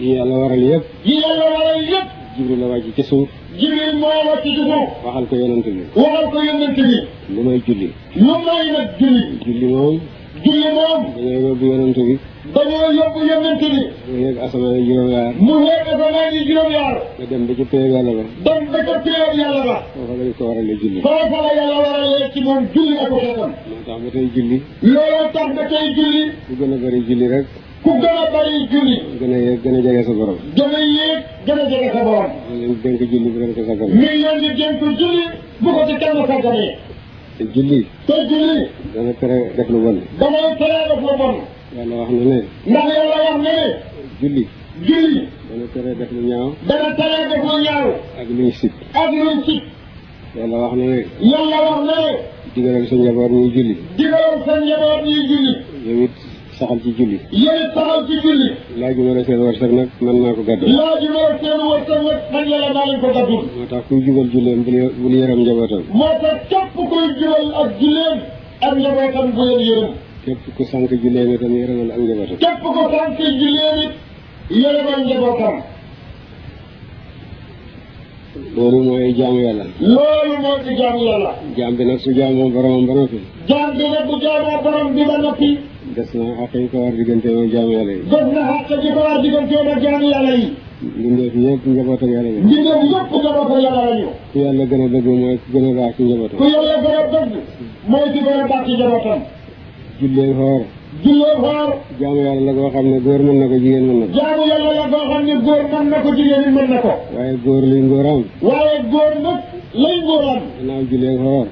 yi yàlla waral yëpp. yi yàlla waral yëpp. jibril la wàcc ci suuf. jibril moo wàcc ci suuf. waxal ko yonent bi. waxal ko yonent bi. lu may julli. lu may nag julli. julli moom. julli moom. dañoo yóbbu yonent bi. dañoo yóbbu yonent bi. mu yegg asamaan yi juróom-ñaar. mu yegg asamaan yi juróom-ñaar. nga dem ba ca péyab yàlla ba. dem ba ca péyab yàlla ba. foofa lañ ko war a lee julli. foofa la yàlla war a lee ci moom julli ak waxtaan. loolu tax ba tey julli. loolu tax ba tey julli. ku gën a bëri julli rek. ku gën a bëri julli. gën a yéeg gën a jege sa borom. gën a yéeg gën a jege sa borom. ñu leen dénk julli bu leen ko sàgganee. mi ngi leen di dénk julli bu ko ci kenn sàgganee te julli. te julli. dana tere def lu bon. dana tere def lu bon. yàlla wax na ne. ndax yàlla wax na julli. julli. dana tere def lu ñaaw. dana tere def lu ñaaw. ak luñ sib. ak luñ sib. yàlla wax na ne. yàlla wax na ne. digalal sa njaboot julli. digalal sa njaboot ñuy julli. yow it. saxal ci julli. yéen saxal ci julli. laaj ma la seen wërsëg nag man naa ko gàddu. laaj bi ma la seen nag man yàlla ko gàddu. moo tax kuy jubal julleem bul yërëm njabootam. moo tax képp kuy jubal ak julleem ak njabootam bu leen képp ku sànq julleem itam yërëmal ak njabootam. képp ku sànq julleem it yërëmal njabootam. loolu mooy jaamu yàlla. loolu moo jaamu yàlla. jaam bi nag su jaamoo boromam ba noppi. jaam bi nag bu jaamoo borom bi ba noppi. des na xàq yi ko war diggante moom jaamu yàlla yi. des na xàq yi ko war diggante moom jaamu yàlla yi. mbindeef ñëpp njabootam yàlla lañu. mbindeef ñëpp njabootam yàlla lañu. ku yàlla gën a dëgg mooy ku gën a baax ci njabootam. ku yàlla gën a dëgg mooy ku gën a baax ci njabootam. jullee xoor. jullee xoor. jaamu yàlla la koo xam ne góor mën na ko jigéen mën na ko. jaamu yàlla la koo xam ne góor mën na ko jigéen mën na ko. waaye góor liy ngóoram. waaye góor nag lay ngóoram. ginnaaw jullee xoor.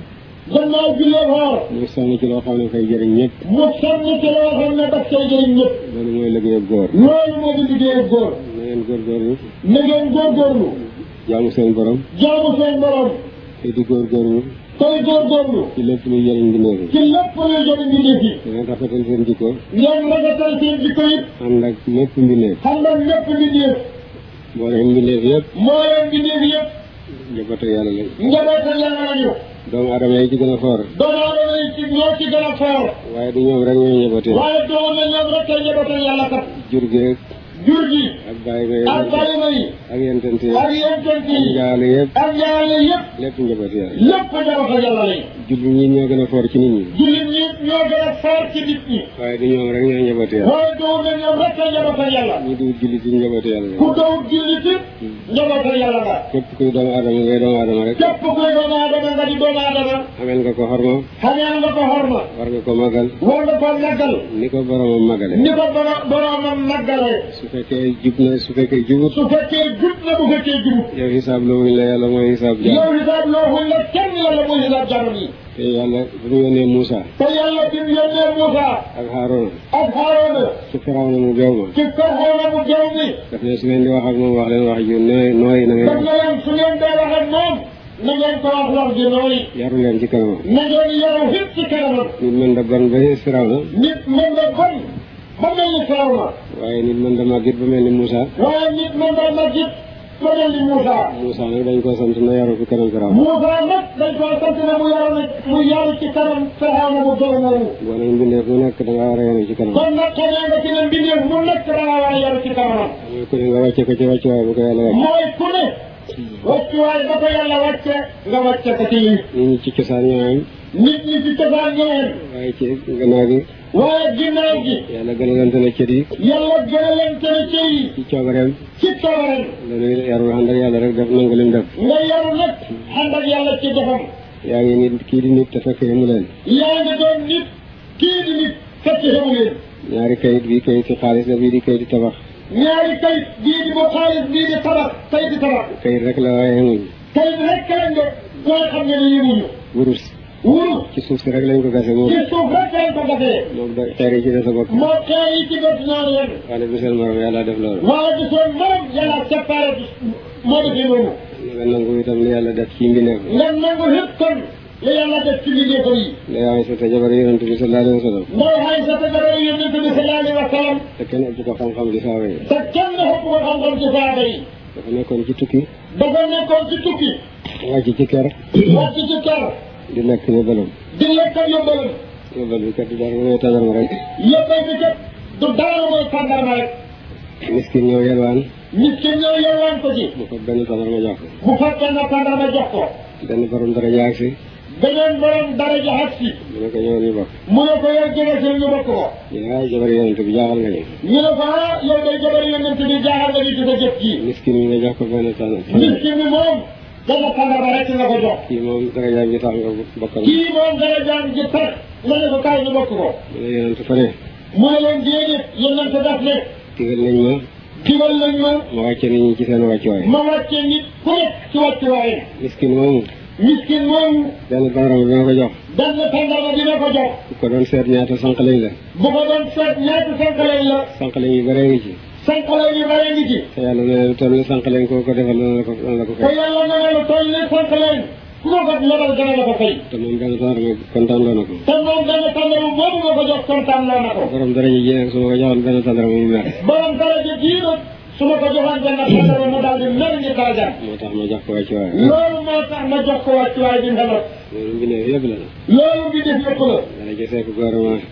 gannaaw bi leen xaar. mu sonn ci loo xam ne dafay jëriñ ñëpp. mu sonn ci loo xam ne daf koy jëriñ ñëpp. loolu mooy liggéeyub góor. loolu moo di liggéeyub góor. na ngeen góorgóorlu. na ngeen góorgóorlu. jaamu seen borom. jaamu seen borom. te di góorgóorlu. tey góorgóorlu. ci lépp luy jëriñ bindee fi. ci lépp luy jëriñ bindee fi. ngeen rafetal seen jikko. ngeen rafetal seen jikko it. ànd ak ñëpp mbindeef. ànd ak ñëpp mbindeef. moo leen mbindeef yëpp. moo leen mbindeef yëpp. njabootu yàlla lañu. njabootu yàlla lañu. doomu adama yi ci gën a foor doomu adama yi ci gën a foor waaye du ñoom rek ñooy ñëbate waaye doom na ñoom rek ñooy jur gi jur gi. ak bàyyi ma yi ak bàyyi ma yi. ak yentante yi ak yentante yi. ak jaale yëpp. ak jaale yëpp. lépp njaboot yàlla. lépp njaboot yàlla lañ. jullit ñi ñoo gën a foor ci nit ñi. jullit ñi ñoo gën a foor ci nit ñi. waaye du ñoom rek ñoo njaboot yàlla. waaye du ñoom rek ñoo njaboot yàlla. ñu dugg jullit yi njaboot yàlla la. ku dugg jullit yi njaboot yàlla la. képp kuy doomu aadama ngay doomu aadama rek. képp kuy doomu aadama nga di doomu aadama. xameel nga ko xorma. xameel nga ko xorma. war nga ko màggal. war nga ko màggal. ni ko boromam màggale. ni ko boromam màggale. fekkee na su fekkee jubut. su fekkee jubut. yow xisaab la wuñ la yàlla mooy xisaab jaam. yow la kenn yàlla mooy xisaab jaam yi. te yàlla bi mu yónnee Moussa. te yàlla bi mu yónnee Moussa. ak Harouna. ak Harouna. ci mu jaww mi. daf ne su ngeen di wax ak moom wax leen wax ju nooy nooy na ngeen. daf leen su ngeen dee na ngeen ko wax wax ji nooy. yaru leen kanamam. na ngeen yaru it ci kanamam. nit mën da bon ba Firawna. nit mën da bon. ba mel ni Firawna. waaye nit man dama git ba mel ni Moussa. waaye nit man dama git ba mel ni Moussa. Moussa nag dañ koo sant na yaru ci kanam Firawna. mu yaru nag mu nekk da ngaa war a yaru ci kanam. ci ne mbindeef ci kanam. mooy ku nga wàcce ko ci wàccuwaay bu ko yàlla wàcce. mooy ku ne. wàccuwaay ko yàlla wàcce nga wàcce ko ci. nit ñi ci cosaan ñoo nit ñi ci cosaan ñoo waaye ci gannaaw gi. waaye ginnaaw gi. yàlla gënalante na cër yi. yàlla gënalante na cër yi. ci coobareem. ci coobareem. loolu yarul ànd ak yàlla rek def nangu leen def. nga yarul nag ànd ak yàlla ci defam. yaa ngi nit kii di nit te fekk yemu leen. yaa ngi doon nit kii di nit fekk yemu leen. ñaari kayit bii kayit ci xaalis la bii di kayit di tabax. ñaari kayit bii di ba xaalis bii di tabax kayit di tabax. kayit rek la waaye yemuñu. kayit rek kayit nga boo xam ne yemuñu. wurus. wurus. ci suuf si rek lañ ko gasee wurus. ci suuf rek lañ ko gasee. moom da xeer yi ci des a bokk. moo xeer yi ci des naa la yem. waaye du seen morom yàlla def loolu. waaye du seen morom yàlla séparé bi moo def li mu ne. nga nangu itam li yàlla def ci mbindeef. nga nangu lépp kon. li yàlla def ci mbindeef yi. ndey Aysata jabar yonent bi sallallahu alayhi wa sallam. ndey Aysata jabar yonent bi sallallahu alayhi wa sallam. te kenn ëpp ko xam-xam ci saaba yi. te kenn ëpp ko xam-xam ci saaba yi. dafa nekkoon ci tukki. dafa nekkoon ci tukki. wàcc ci kër. wàcc ci kër. di lekk yóbbalam. di lekk yóbbalam. yóbbal bi kat du dara mooy tàndarma rek. yóbbal bi kat du dara mooy tàndarma rek. miskin ñëw yelwaan. miskin ñëw yelwaan ko ci. bu fekk benn tàndarma jox ko. bu fekk benn tàndarma jox ko. benn borom dara jaag si. beneen borom dara jaag si. mu ne ko ñëwal ñu bokk. mu ne ko yow jëlee seen ñu bokk ko. ñu ne ah jabar yonent bi jaaxal nga ñu. ñu ne ko ah yow day jabar yonent bi jaaxal nga ñu ci sa jëf ji. miskin mi nga jox ko benn tàndarma. miskin mi moom. boobu tàngoor ba rek la ko jox. kii moom dara jaam ji tax nga bokk ko. kii moom dara jaam ji tax nga ne ko kaay ñu bokk ko. mu ne yonent fa ne. mu ne leen déedéet yonent daf ne. ma. digal nañ ma. ma wàcce nit miskin moomu. miskin moomu. benn tàngoor bi ma ko jox. benn tàngoor bi ma ko ko doon seet ñaata sànq la. bu ko doon seet ñaata sànq lañ la. sànq lañ ci. sànqale yu bare ngi ci. te yàlla nee na toll ni sànqaleen koo ko defal dana la ko dana la ko fay. te yàlla nee na toll ni sànqaleen ku ko fat lebal dana la ko fay. te moom benn tànn kontaan loo na ko. te moom benn tàndara boobu nga ko jox kontaan loo na ko. borom dara ji nag su ma ko joxoon benn tàndara mu mer. borom dara ji jii nag su ma ko joxoon benn tàndara mu daal di mer ngir dara jar. moo tax ma jox ko wàccuwaay. loolu moo tax ma jox ko wàccuwaay bi ndeloog. loolu mbindeef yëpp la. loolu mbindeef yëpp la. dana gisee ko gouvernement.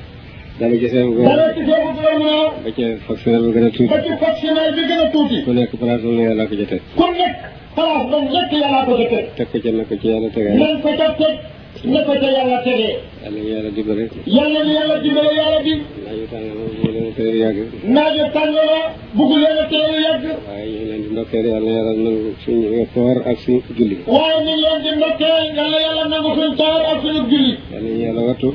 dara gisee bu gën a. dara gisee bu gën a ba ci fonctionnaire bi gën a tuuti. ku nekk place boobu yàlla ko jotee. ku nekk place boobu nekk yàlla ko jotee. teg na ko ci yàlla tegee. na ko ca yàlla tegee. yàlla ñu yàlla yàlla ñu yàlla dimbale yàlla bi. di ndokkeel yàlla yàlla nangu suñu koor ak suñu julli. waaye ñu ngi di ndokkeel yàlla yàlla nangu suñu koor ak suñu julli. yàlla ñu yàlla wattu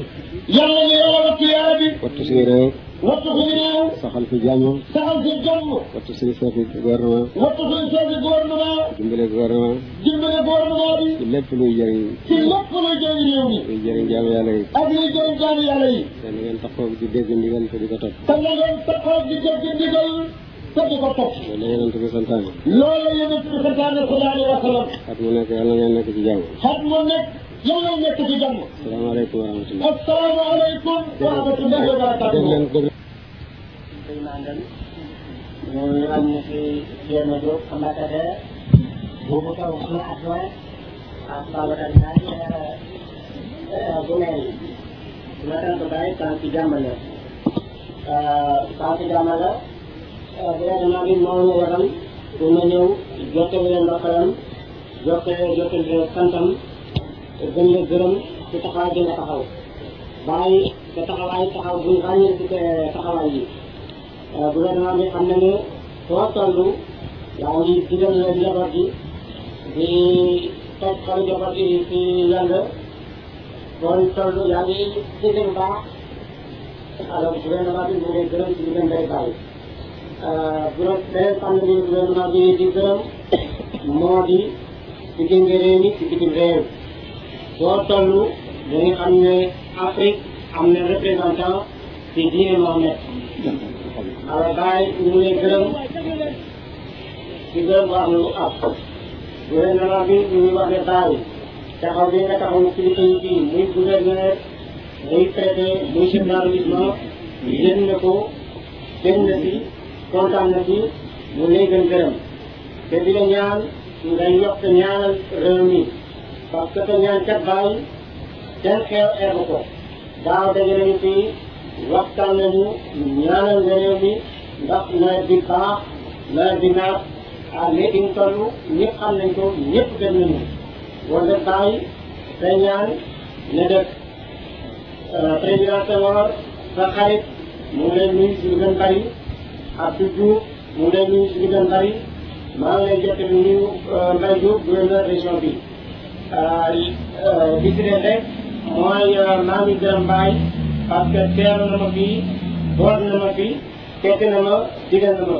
yàlla ñu yowal tuyaa bi wattu suñu réew wattu suñu réew saxal fi jàmm saxal fi jàmm wattu suñu seefi gouvernement wattu suñu seefi gouvernement dimbale gouvernement dimbale gouvernement bi ci lépp luy jëriñ ci lépp luy jëriñ réew mi luy jëriñ jaamu yàlla yi ak luy jëriñ jaamu yàlla yi te na ngeen taxoog di dégg ndigal te di ko topp te na ngeen taxoog di dégg ndigal te di ko topp. loolu la yonent bi santaane. loolu la yonent bi santaane sallallahu alayhi wa sallam. xat mu nekk yàlla ngeen nekk ci jàmm. xat mu nekk yàlla ngeen nekk ci jàmm. asalaamaaleykum wa rahmatulah. asalaamaaleykum wa rahmatulah wa barakatuh. dégg ngeen dégg. ñu am ñu si Thierno Diop ambassadeur bu mu taw suñu adjoint ak Babacar Ndiaye euh, bu mel ni. ma sant Baye sant Diamala sant Diamala. gouvernement bi moo ma waral pour ma ñëw jottali leen ndoxalam jottali jottali nga taxaw bàyyi sa taxawaay taxaw buñ ràññee ci taxawaay bi xam na ne foo toll yaa leen njaboot gi di teg xel njaboot gi ci yàlla foo toll yaa ngi digal baax alors gouvernement bi mu ngi gërëm ci li ngeen lay bàyyi juróom beneen fànn bi gouvernement bi di gërëm moo di ci génge réew mi ci bitim réew boo toll da nga xam ne Afrique am na représentant ci diine Mohamed alors Baye ñu ngi lay gërëm ci gërëm boo am lu ab gouvernement bi ñu ngi wax ne Baye taxaw bi nga taxaw ci liggéey bi muy gouverneur muy préfet muy chef d'arrondissement ko dem na kontaan na ci mu ngi lay gën te di ñaan nga yokk ñaanal réew mi parce que ñaan kat bàyyi kenn xew ko daaw daje nañu fii waxtaan nañu ñaanal nga réew mi ndax nawet bi baax nawet bi naat ah léegi ñu toll ñëpp xam nañ ko ñëpp gën nañu war nga bàyyi te ñaan ne def euh, président Senghor sa xarit mu leen nuyu si lu gën bari ak toujours mu ngi nuyu suñu gën bari maa ngi lay jottali di nuyu euh, Mbaye Diouf gouverneur région bi euh, li ci euh, des rek maa ngi gërëm Mbaye parce que na ma fii boor na ma fii fekk na ma digal na ma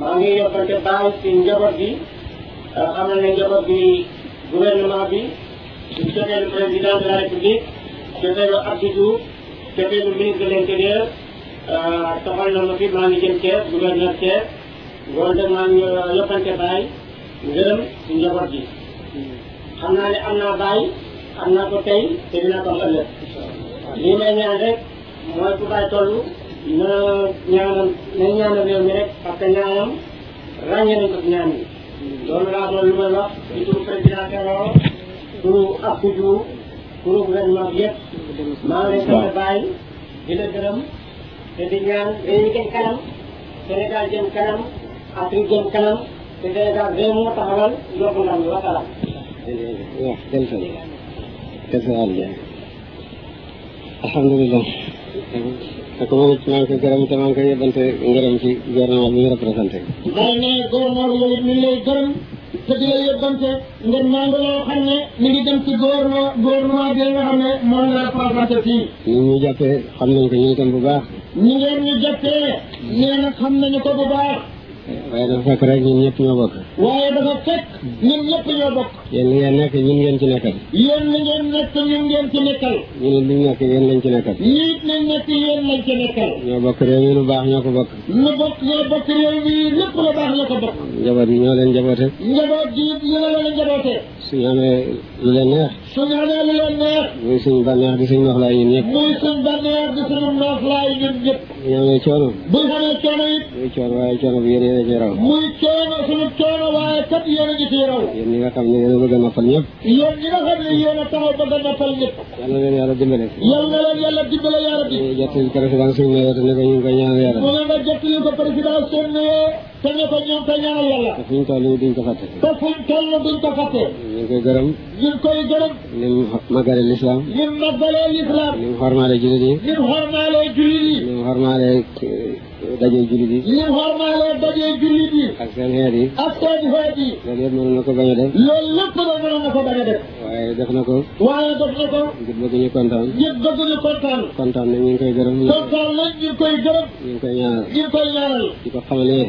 maa ngi yokkante Mbaye si njaboot bi a na ne njaboot bi gouvernement bi su jotee le président de la république jotee le Abdou Diouf jotee le ministre de l'intérieur Euh, soxal na ma fi maa ngi jëm Thiès gouverneur Thiès wante euh, baay ngërëm si njaboot bi xam naa ne am naa baay am naa ko tey te dinaa ko am ëllëg lii mooy ku baay toll na ñaanam na ñaanam réew mi rek parce que ñaanam ràññee nañ ko si lu may wax ci turu président Senghor turu Abdou Diouf turu gouvernement bi yëpp maa ngi lay baay di la gërëm te di ñaan réew yi jëm kanam Sénégal jëm kanam Afrique jëm kanam te Sénégal réew moo taxawal yóbbu ndam wasalaam. waaw kenn sa kenn sa àll bi alhamdulilah. naka ma ngi koy gërëm te maa ngi koy yóbbante ngërëm ci gouvernement bi ñu représenté. waaye nee gouvernement bi yow it mi ngi lay gërëm te nga xam xam nañ ko ñun itam bu baax. ñi ngeen ñu jëkkee nee na xam nañu ko bu baax waaye dafa fekk rek ñun ñëpp ñoo bokk waaye dafa fekk bokk yéen li ngeen nekk ñun ngeen ci nekkal. yéen li ngeen nekk ñun ngeen ci nekkal. ñun li ñu nekk yéen lañ ci nekkal. ñii nañ nekk yéen lañ ci nekkal. ñoo bokk réew mi lu baax ñoo ko bokk. ñu bokk ñoo bokk réew mi lépp lu baax ñoo ko bokk. njaboot yi ñoo leen njaboote. njaboot yi ñoo leen njaboote. suñu amee lu leen neex. suñu amee lu leen neex. muy suñu bànneex di suñu noflaay ñun ñëpp. muy suñu bànneex di suñu noflaay ñun ñëpp. ñu amee coono. bu ñu amee coono it. muy coono waaye coono bi yéen yéen a ci raw. muy coono suñu coono waaye kat yéen a ci raw. yéen ñi nga xam ne bëgg a noppal ñëpp. yéen ñi nga xam ne yéen a taxaw bëgg a noppal ñëpp. yal na leen yàlla dimbale. yal na leen yàlla dimbale yàlla bi. jottali président suñu ne yoote ne ko ñu ngi koy ñaan yàlla. mu nga nga jottali ko président suñu ne te ne ko ñoom te ñaanal yàlla. te fuñ toll nii duñ ko fàtte. te fuñ toll nii duñ ko fàtte. ñu ngi koy gërëm. ñu ngi koy gërëm. ni mu màggalee lislaam. ni mu màggalee lislaam. ni mu xormaalee jullit yi. ni mu xormaalee jullit yi. ni mu xormaalee eh, dajee jullit yi. ni mu xormaalee dajee jullit yi. ak seen xeet yi. ak seen xeet yi. loolu yëpp mënoon na ko bañ a def. loolu lépp nag mënoon na ko bañ a def. waaye def na ko. waaye def na ko. ngir bëgg ñu kontaan. ngir bëgg ñu kontaan. kontaan nañ ñu ngi koy gërëm. kontaan nañ ñu ngi koy gërëm. ñu ngi koy ñaanal. ñu ngi koy ñaanal. di ko xamal ne.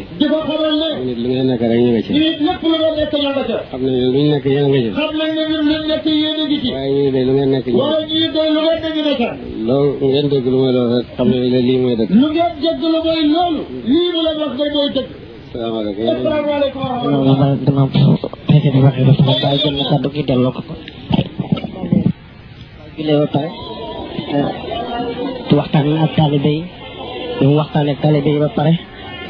xamal ne. nit lu ngeen nekk rek ñu nga ci. nit lépp lu ngeen nekk ñu nga ca. xam nañ ne luñ nekk yéen a ngi ci. xam nañ ne ñun luñ nekk yéen a ngi ci. waaye ñuy de lu ngeen nekk ñu. waaye ñuy de lu ngeen nekk ñu ca. loolu ngeen dégg lu mooy loolu rek xam nañ ne lii mooy dëgg. lu ngeen dégg lu mooy loolu. lii mu leen wax day mooy dëgg. salaamaaleykum. asalaamaaleykum wa rahmatulah. waaw dama fekkee di waxee ba pare bàyyi jël na kàddu gi delloo ko ko. julee ba pare eh, waxtaan ak taalibe yi waxtaan ak taalibe yi ba pare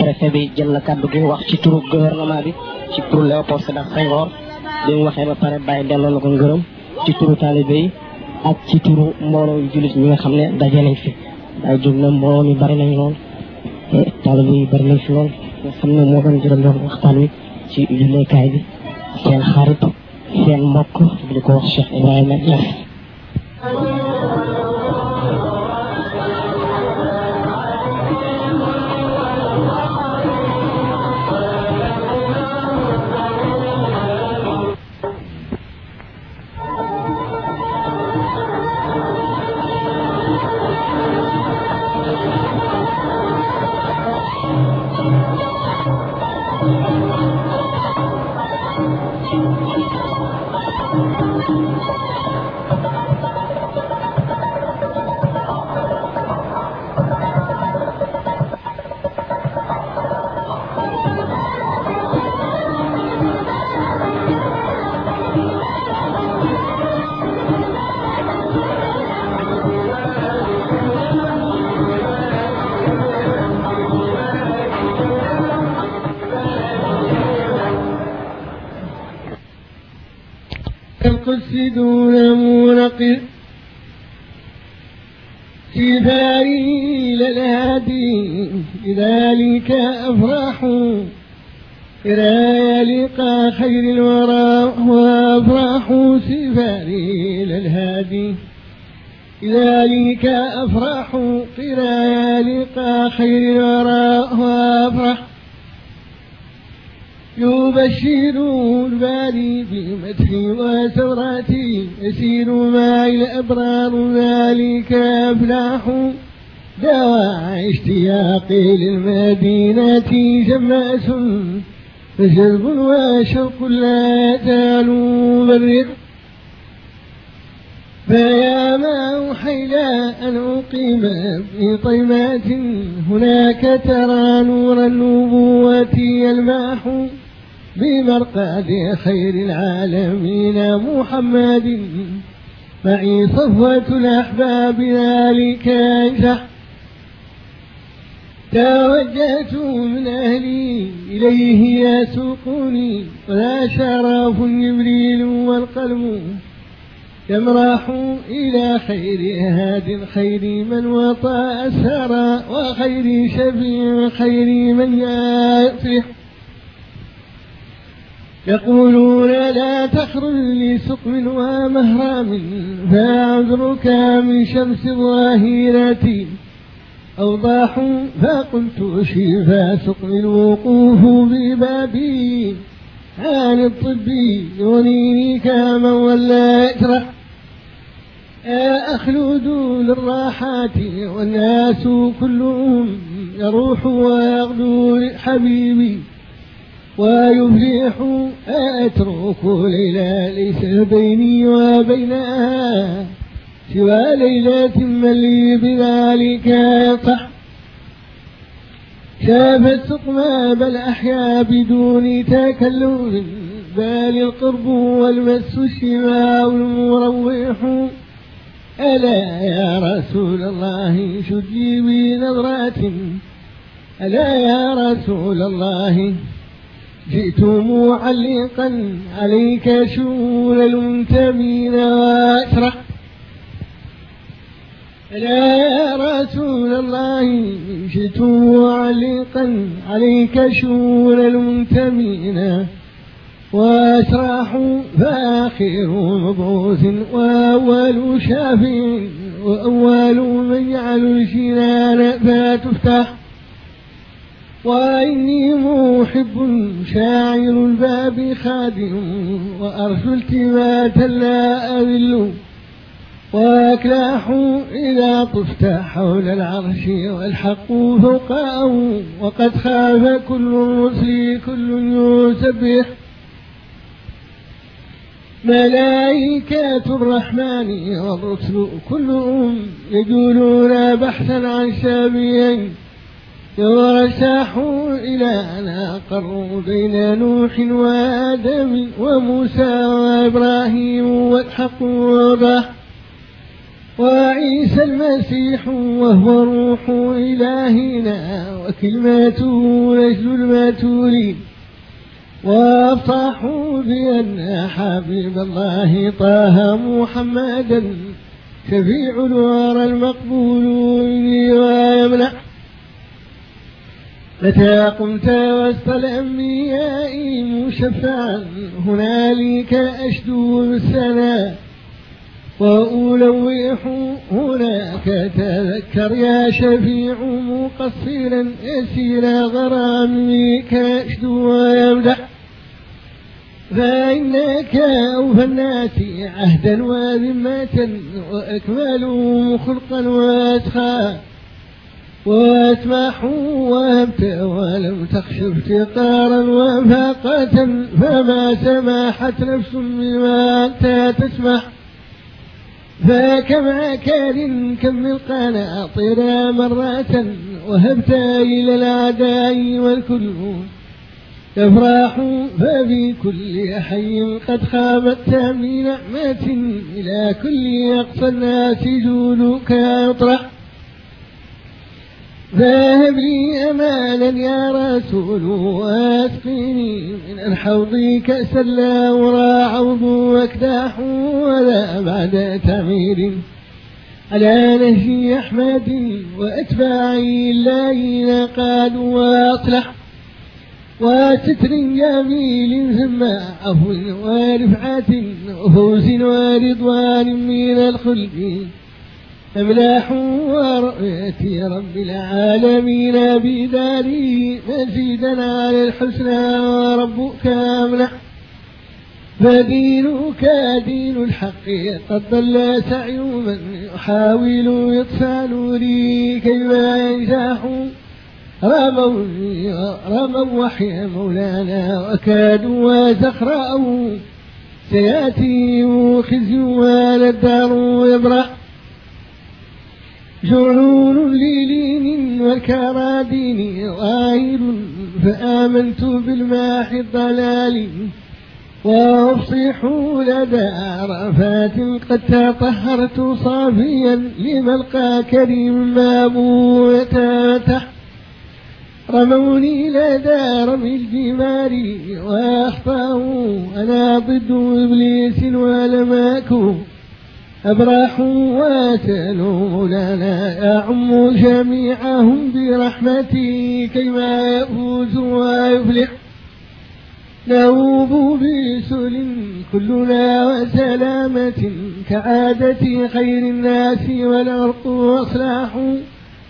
préfet bi jël na kàddu gi wax ci turu gouvernement bi ci turu Léopold Sédar Senghor bi mu waxee ba pare bàyyi delloo na ko ngërëm ci turu taalibe yi ak ci turu mbooloo yu jullit nga xam ne daje nañ fi waaye jóg na mbooloo mi bari nañ lool taalibe yi bari nañ fi lool nga xam ne moo doon juróom yoon waxtaan wi ci julleekaay bi seen xarit seen mbokk di ko wax Cheikh Ibrahima Niass فسلب وشوق لا زال مبرر فيا ما أوحينا أن أقيم في طيمات هناك ترى نور النبوة يلمح بمرقد خير العالمين محمد معي صفوة الأحباب ذلك يجرح توجهت من أهلي إليه يسوقني ولا شرف جبريل والقلب يمرح إلى خير هاد خير من وطى أسرى وخير شفيع خير من يصلح يقولون لا تخرج لسقم ومهرام فأعذرك من شمس ظاهرتي أوضاح فقلت أشيفا تقمي الوقوف ببابي عن الطب يغنيني كاما ولا إكره أخلود للراحات والناس كلهم يروح ويغدو لحبيبي ويفلح أترك ليلى ليس بيني وبينها سوى ليلة ملي بذلك صح شاف السقما بل أحيا بدون تكلم بال القرب والمس الشماء المروح ألا يا رسول الله شجي بنظرات ألا يا رسول الله جئت معلقا عليك شمول المنتمين وأسرع يا رسول الله جئت معلقا عليك شؤون المنتمين وأسراح فآخر مبعوث وأول شافع وأول من يجعل الجنان فتفتح وإني محب شاعر الباب خادم وأرجو التباتا لا أذل وأكلاح إذا طفت حول العرش والحق فوقه وقد خاف كل الرسل كل يسبح ملائكة الرحمن والرسل كلهم يجولون بحثا عن شابيا ورشاحوا إلى أن أقروا بين نوح وآدم وموسى وإبراهيم والحق وضح وعيسى المسيح وهو روح إلهنا وكلمته نجل الماتولين وافطحوا بأن حبيب الله طه محمدا شفيع الورى المقبول ويمنع متى قمت وسط الأنبياء مشفعا هنالك أشدو السلام وألوح هناك تذكر يا شفيع مقصرا يسيل غرامي كاشد ويمدح فإنك أوفى الناس عهدا وذمة وأكملهم خلقا وأتقى وأتباح وهبت ولم تخش افتقارا وفاقة فما سماحت نفس بما أنت تسمح ذاك ما كان نكمل قناطنا مرة وهبتا إلى الأعداء والكل يفرح ففي كل حي قد خابت من نعمة إلى كل أقصى الناس جودك يطرح ذهب لي أمالا يا رسول وأسقني من الحوض كأسا لا وراء عوض واكداح ولا بعد تعمير على نهي أحمد وأتباعي الذين قالوا وأصلحوا وستر جميل ثم عفو ورفعة وفوز ورضوان من الخلق أبلى حوار يأتي رب العالمين بداره مزيدا على الحسنى وربك أمنع فدينك دين الحق قد ضل سعي من يحاول يطفى نوري كيما ينجح رموا رموا وحي مولانا وكادوا وزخرأوا سيأتي خزي ولا الدار يبرأ جرنون لي لين والكرادين ظاهر فآمنت بالماح الضلال وأفصح لدى عرفات قد تطهرت صافيا لملقى كريم مامونة تحت رموني لدى رمي الجمار وأخطأوا أنا ضد إبليس ولم أكن أبرحوا واتلوا لنا أعموا جميعهم برحمتي كما يفوز ويفلح نوب برسل كلنا وسلامة كعادة خير الناس والأرض وأصلاحوا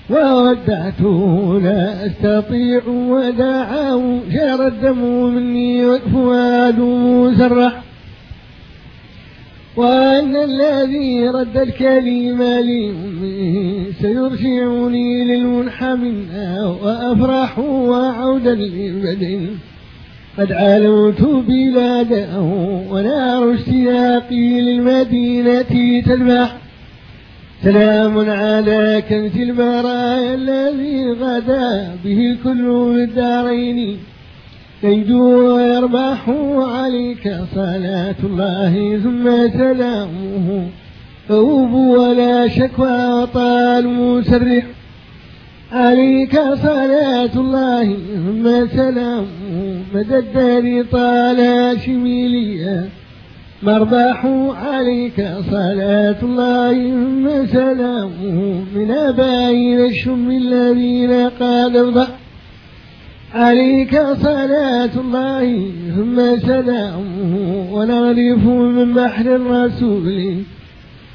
وودعته لا أستطيع وداعه جرى الدم مني والفؤاد مسرح وأن الذي رد الكلمة لأمه سيرجعني للمنحمنا وأفرح وعودا لبدن قد علوت بلاده ونار اشتياقي للمدينة تلمح سلام على كنز المرايا الذي غدا به كل الدارين سيدون ويرباح عليك صلاة الله ثم سلامه ثوب ولا شكوى وطال مسرع عليك صلاة الله ثم سلامه مدى الدار طال شميليا مرباح عليك صلاة الله ثم سلامه من أبائنا الشم الذين قال ضح عليك صلاة الله ثم سلامه ونغرف من بحر الرسول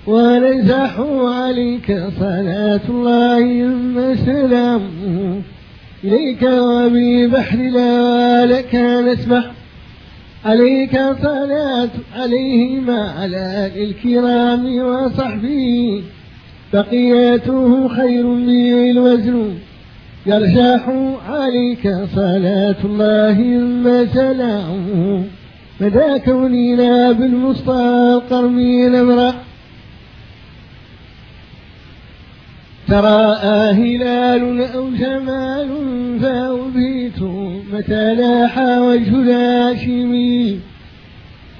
ونزح عليك صلاة الله ثم سلامه إليك وبي بحر لا لك نسبح عليك صلاة عليهما على الكرام وصحبه بقيته خير من الوزن يرجح عليك صلاة الله مثله مدى كوننا بالمصطفى قرمي الامرأ ترى هلال أو جمال فأبيت متى لاح وجه الهاشمي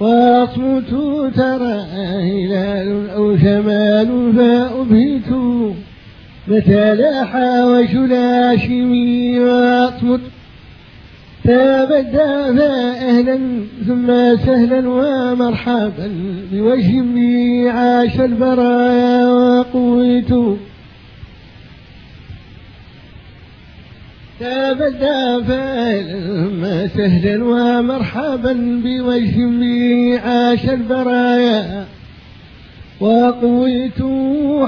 وأصمت ترى هلال أو جمال فأبيت متلاحى وشلاشمي واطمت فبدا ذا أهلا ثم سهلا ومرحبا بوجه لي عاش البرايا وقويت تبدا فاهلا سهلا ومرحبا بوجه لي عاش البرايا وأقويت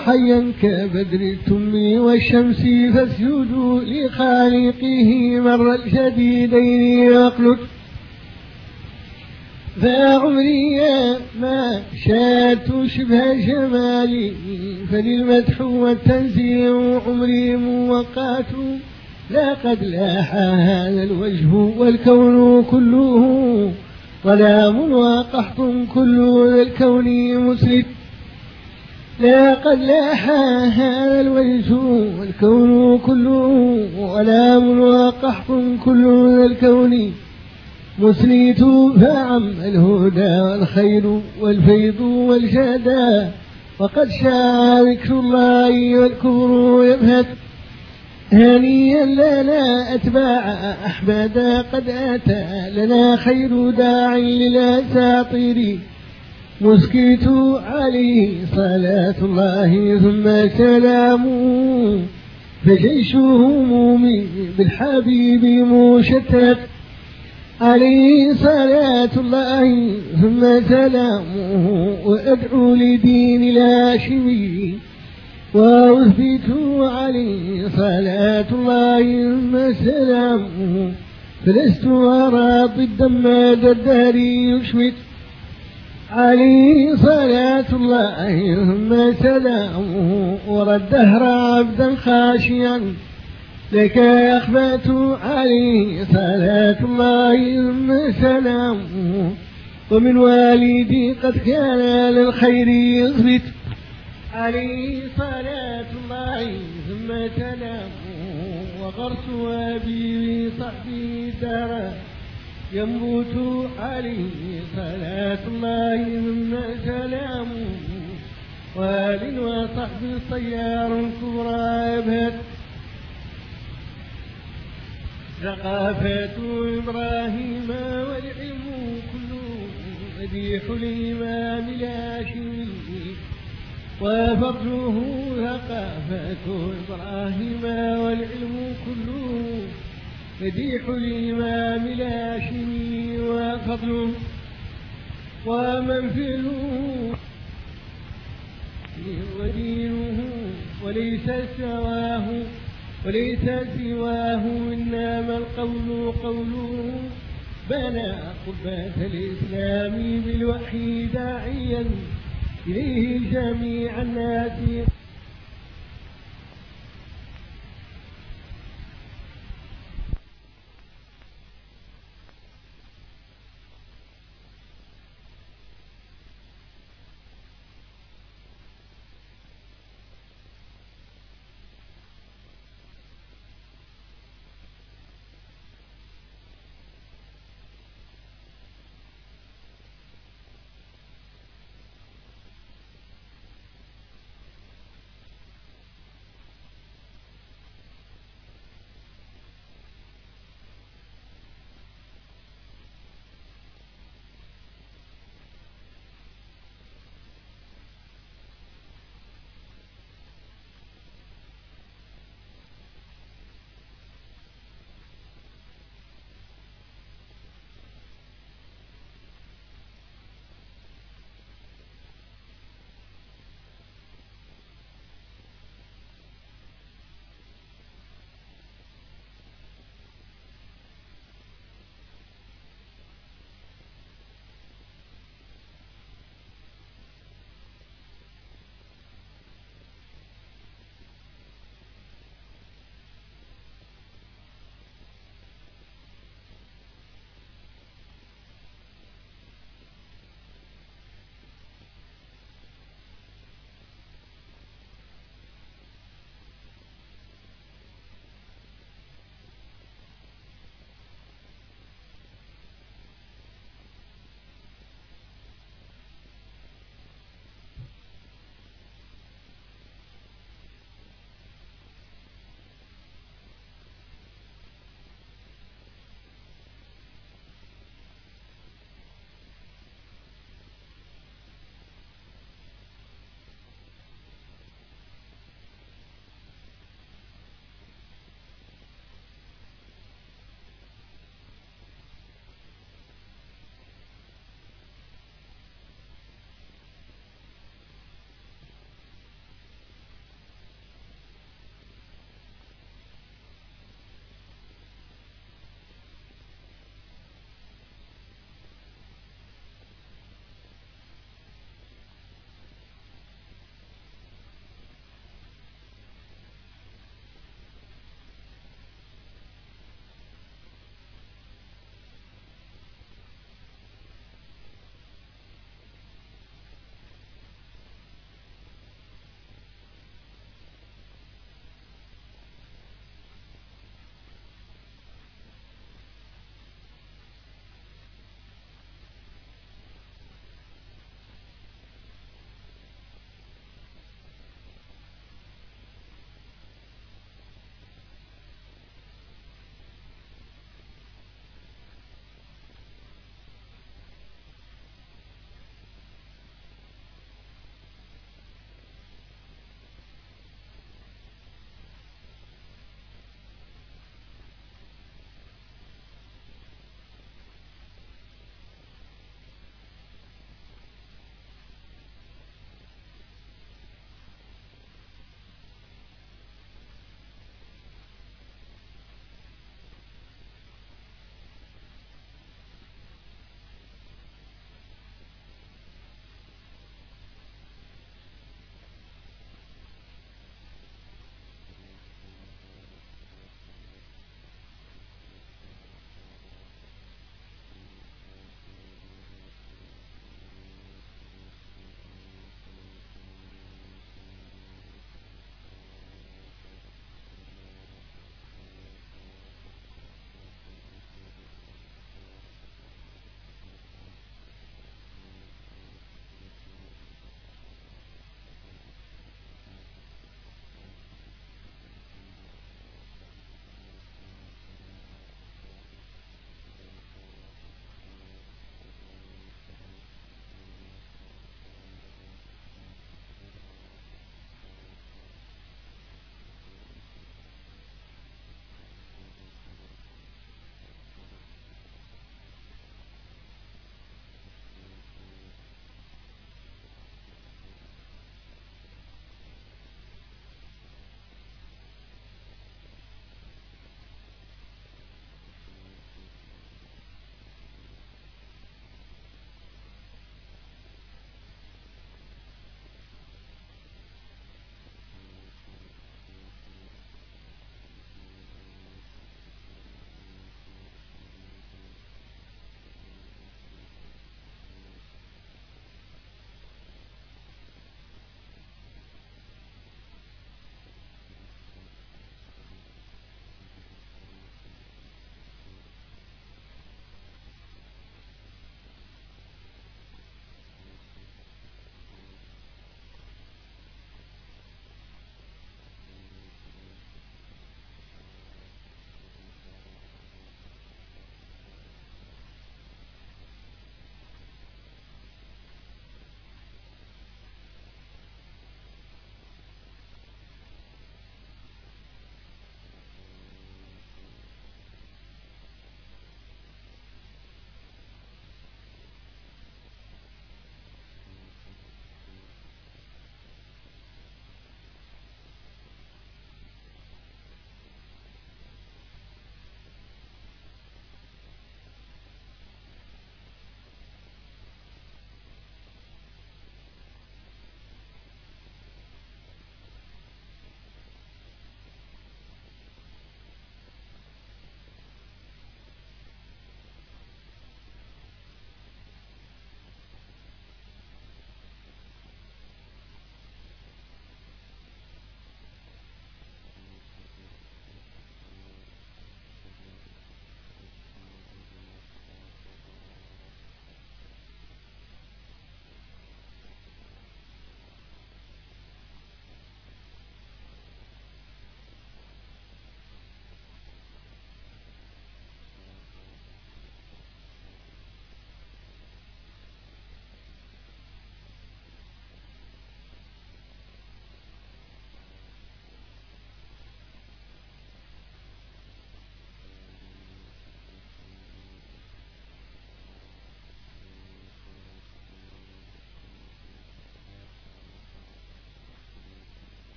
حيا كبدر تمي والشمس فاسجدوا لخالقه مر الجديدين واقلد فعمري ما شات شبه جمالي فللمدح والتنزيل عمري موقات لقد لاح هذا الوجه والكون كله ظلام وقحط كل ذا الكون مسلك لا قد لاها هذا الوجه والكون كله ألام وقحط كل ذا الكون مسنيت فعم الهدى والخير والفيض والجدى وقد شاع ذكر الله والكفر يبهت هنيئا لنا أتباع أحمد قد أتى لنا خير داع للأساطير مسكيت عليه صلاة الله ثم سلامه فجيش همومي بالحبيب مشتت عليه صلاة الله ثم سلامه وأدعو لدين الهاشمي وأثبت عليه صلاة الله ثم سلامه فلست أرى ضد ما الدهر يشمت عليه صلاة الله ثم سلامه ورى الدهر عبدا خاشيا لك يخفة عليه صلاة الله ثم سلامه ومن والدي قد كان للخير يثبت عليه صلاة الله ثم سلامه وغرس أبي وصحبي دارا يموت عليه صلاة الله ثم سلامه وآل وصحب الطيار الكبرى أبهت ثقافة إبراهيم والعلم كله مديح الإمام الهاشمي وفضله ثقافة إبراهيم والعلم كله مديح الإمام الهاشمي وفضله ومنفله ودينه وليس سواه وليس سواه إنما القول قوله بنى قبة الإسلام بالوحي داعيا إليه جميع الناس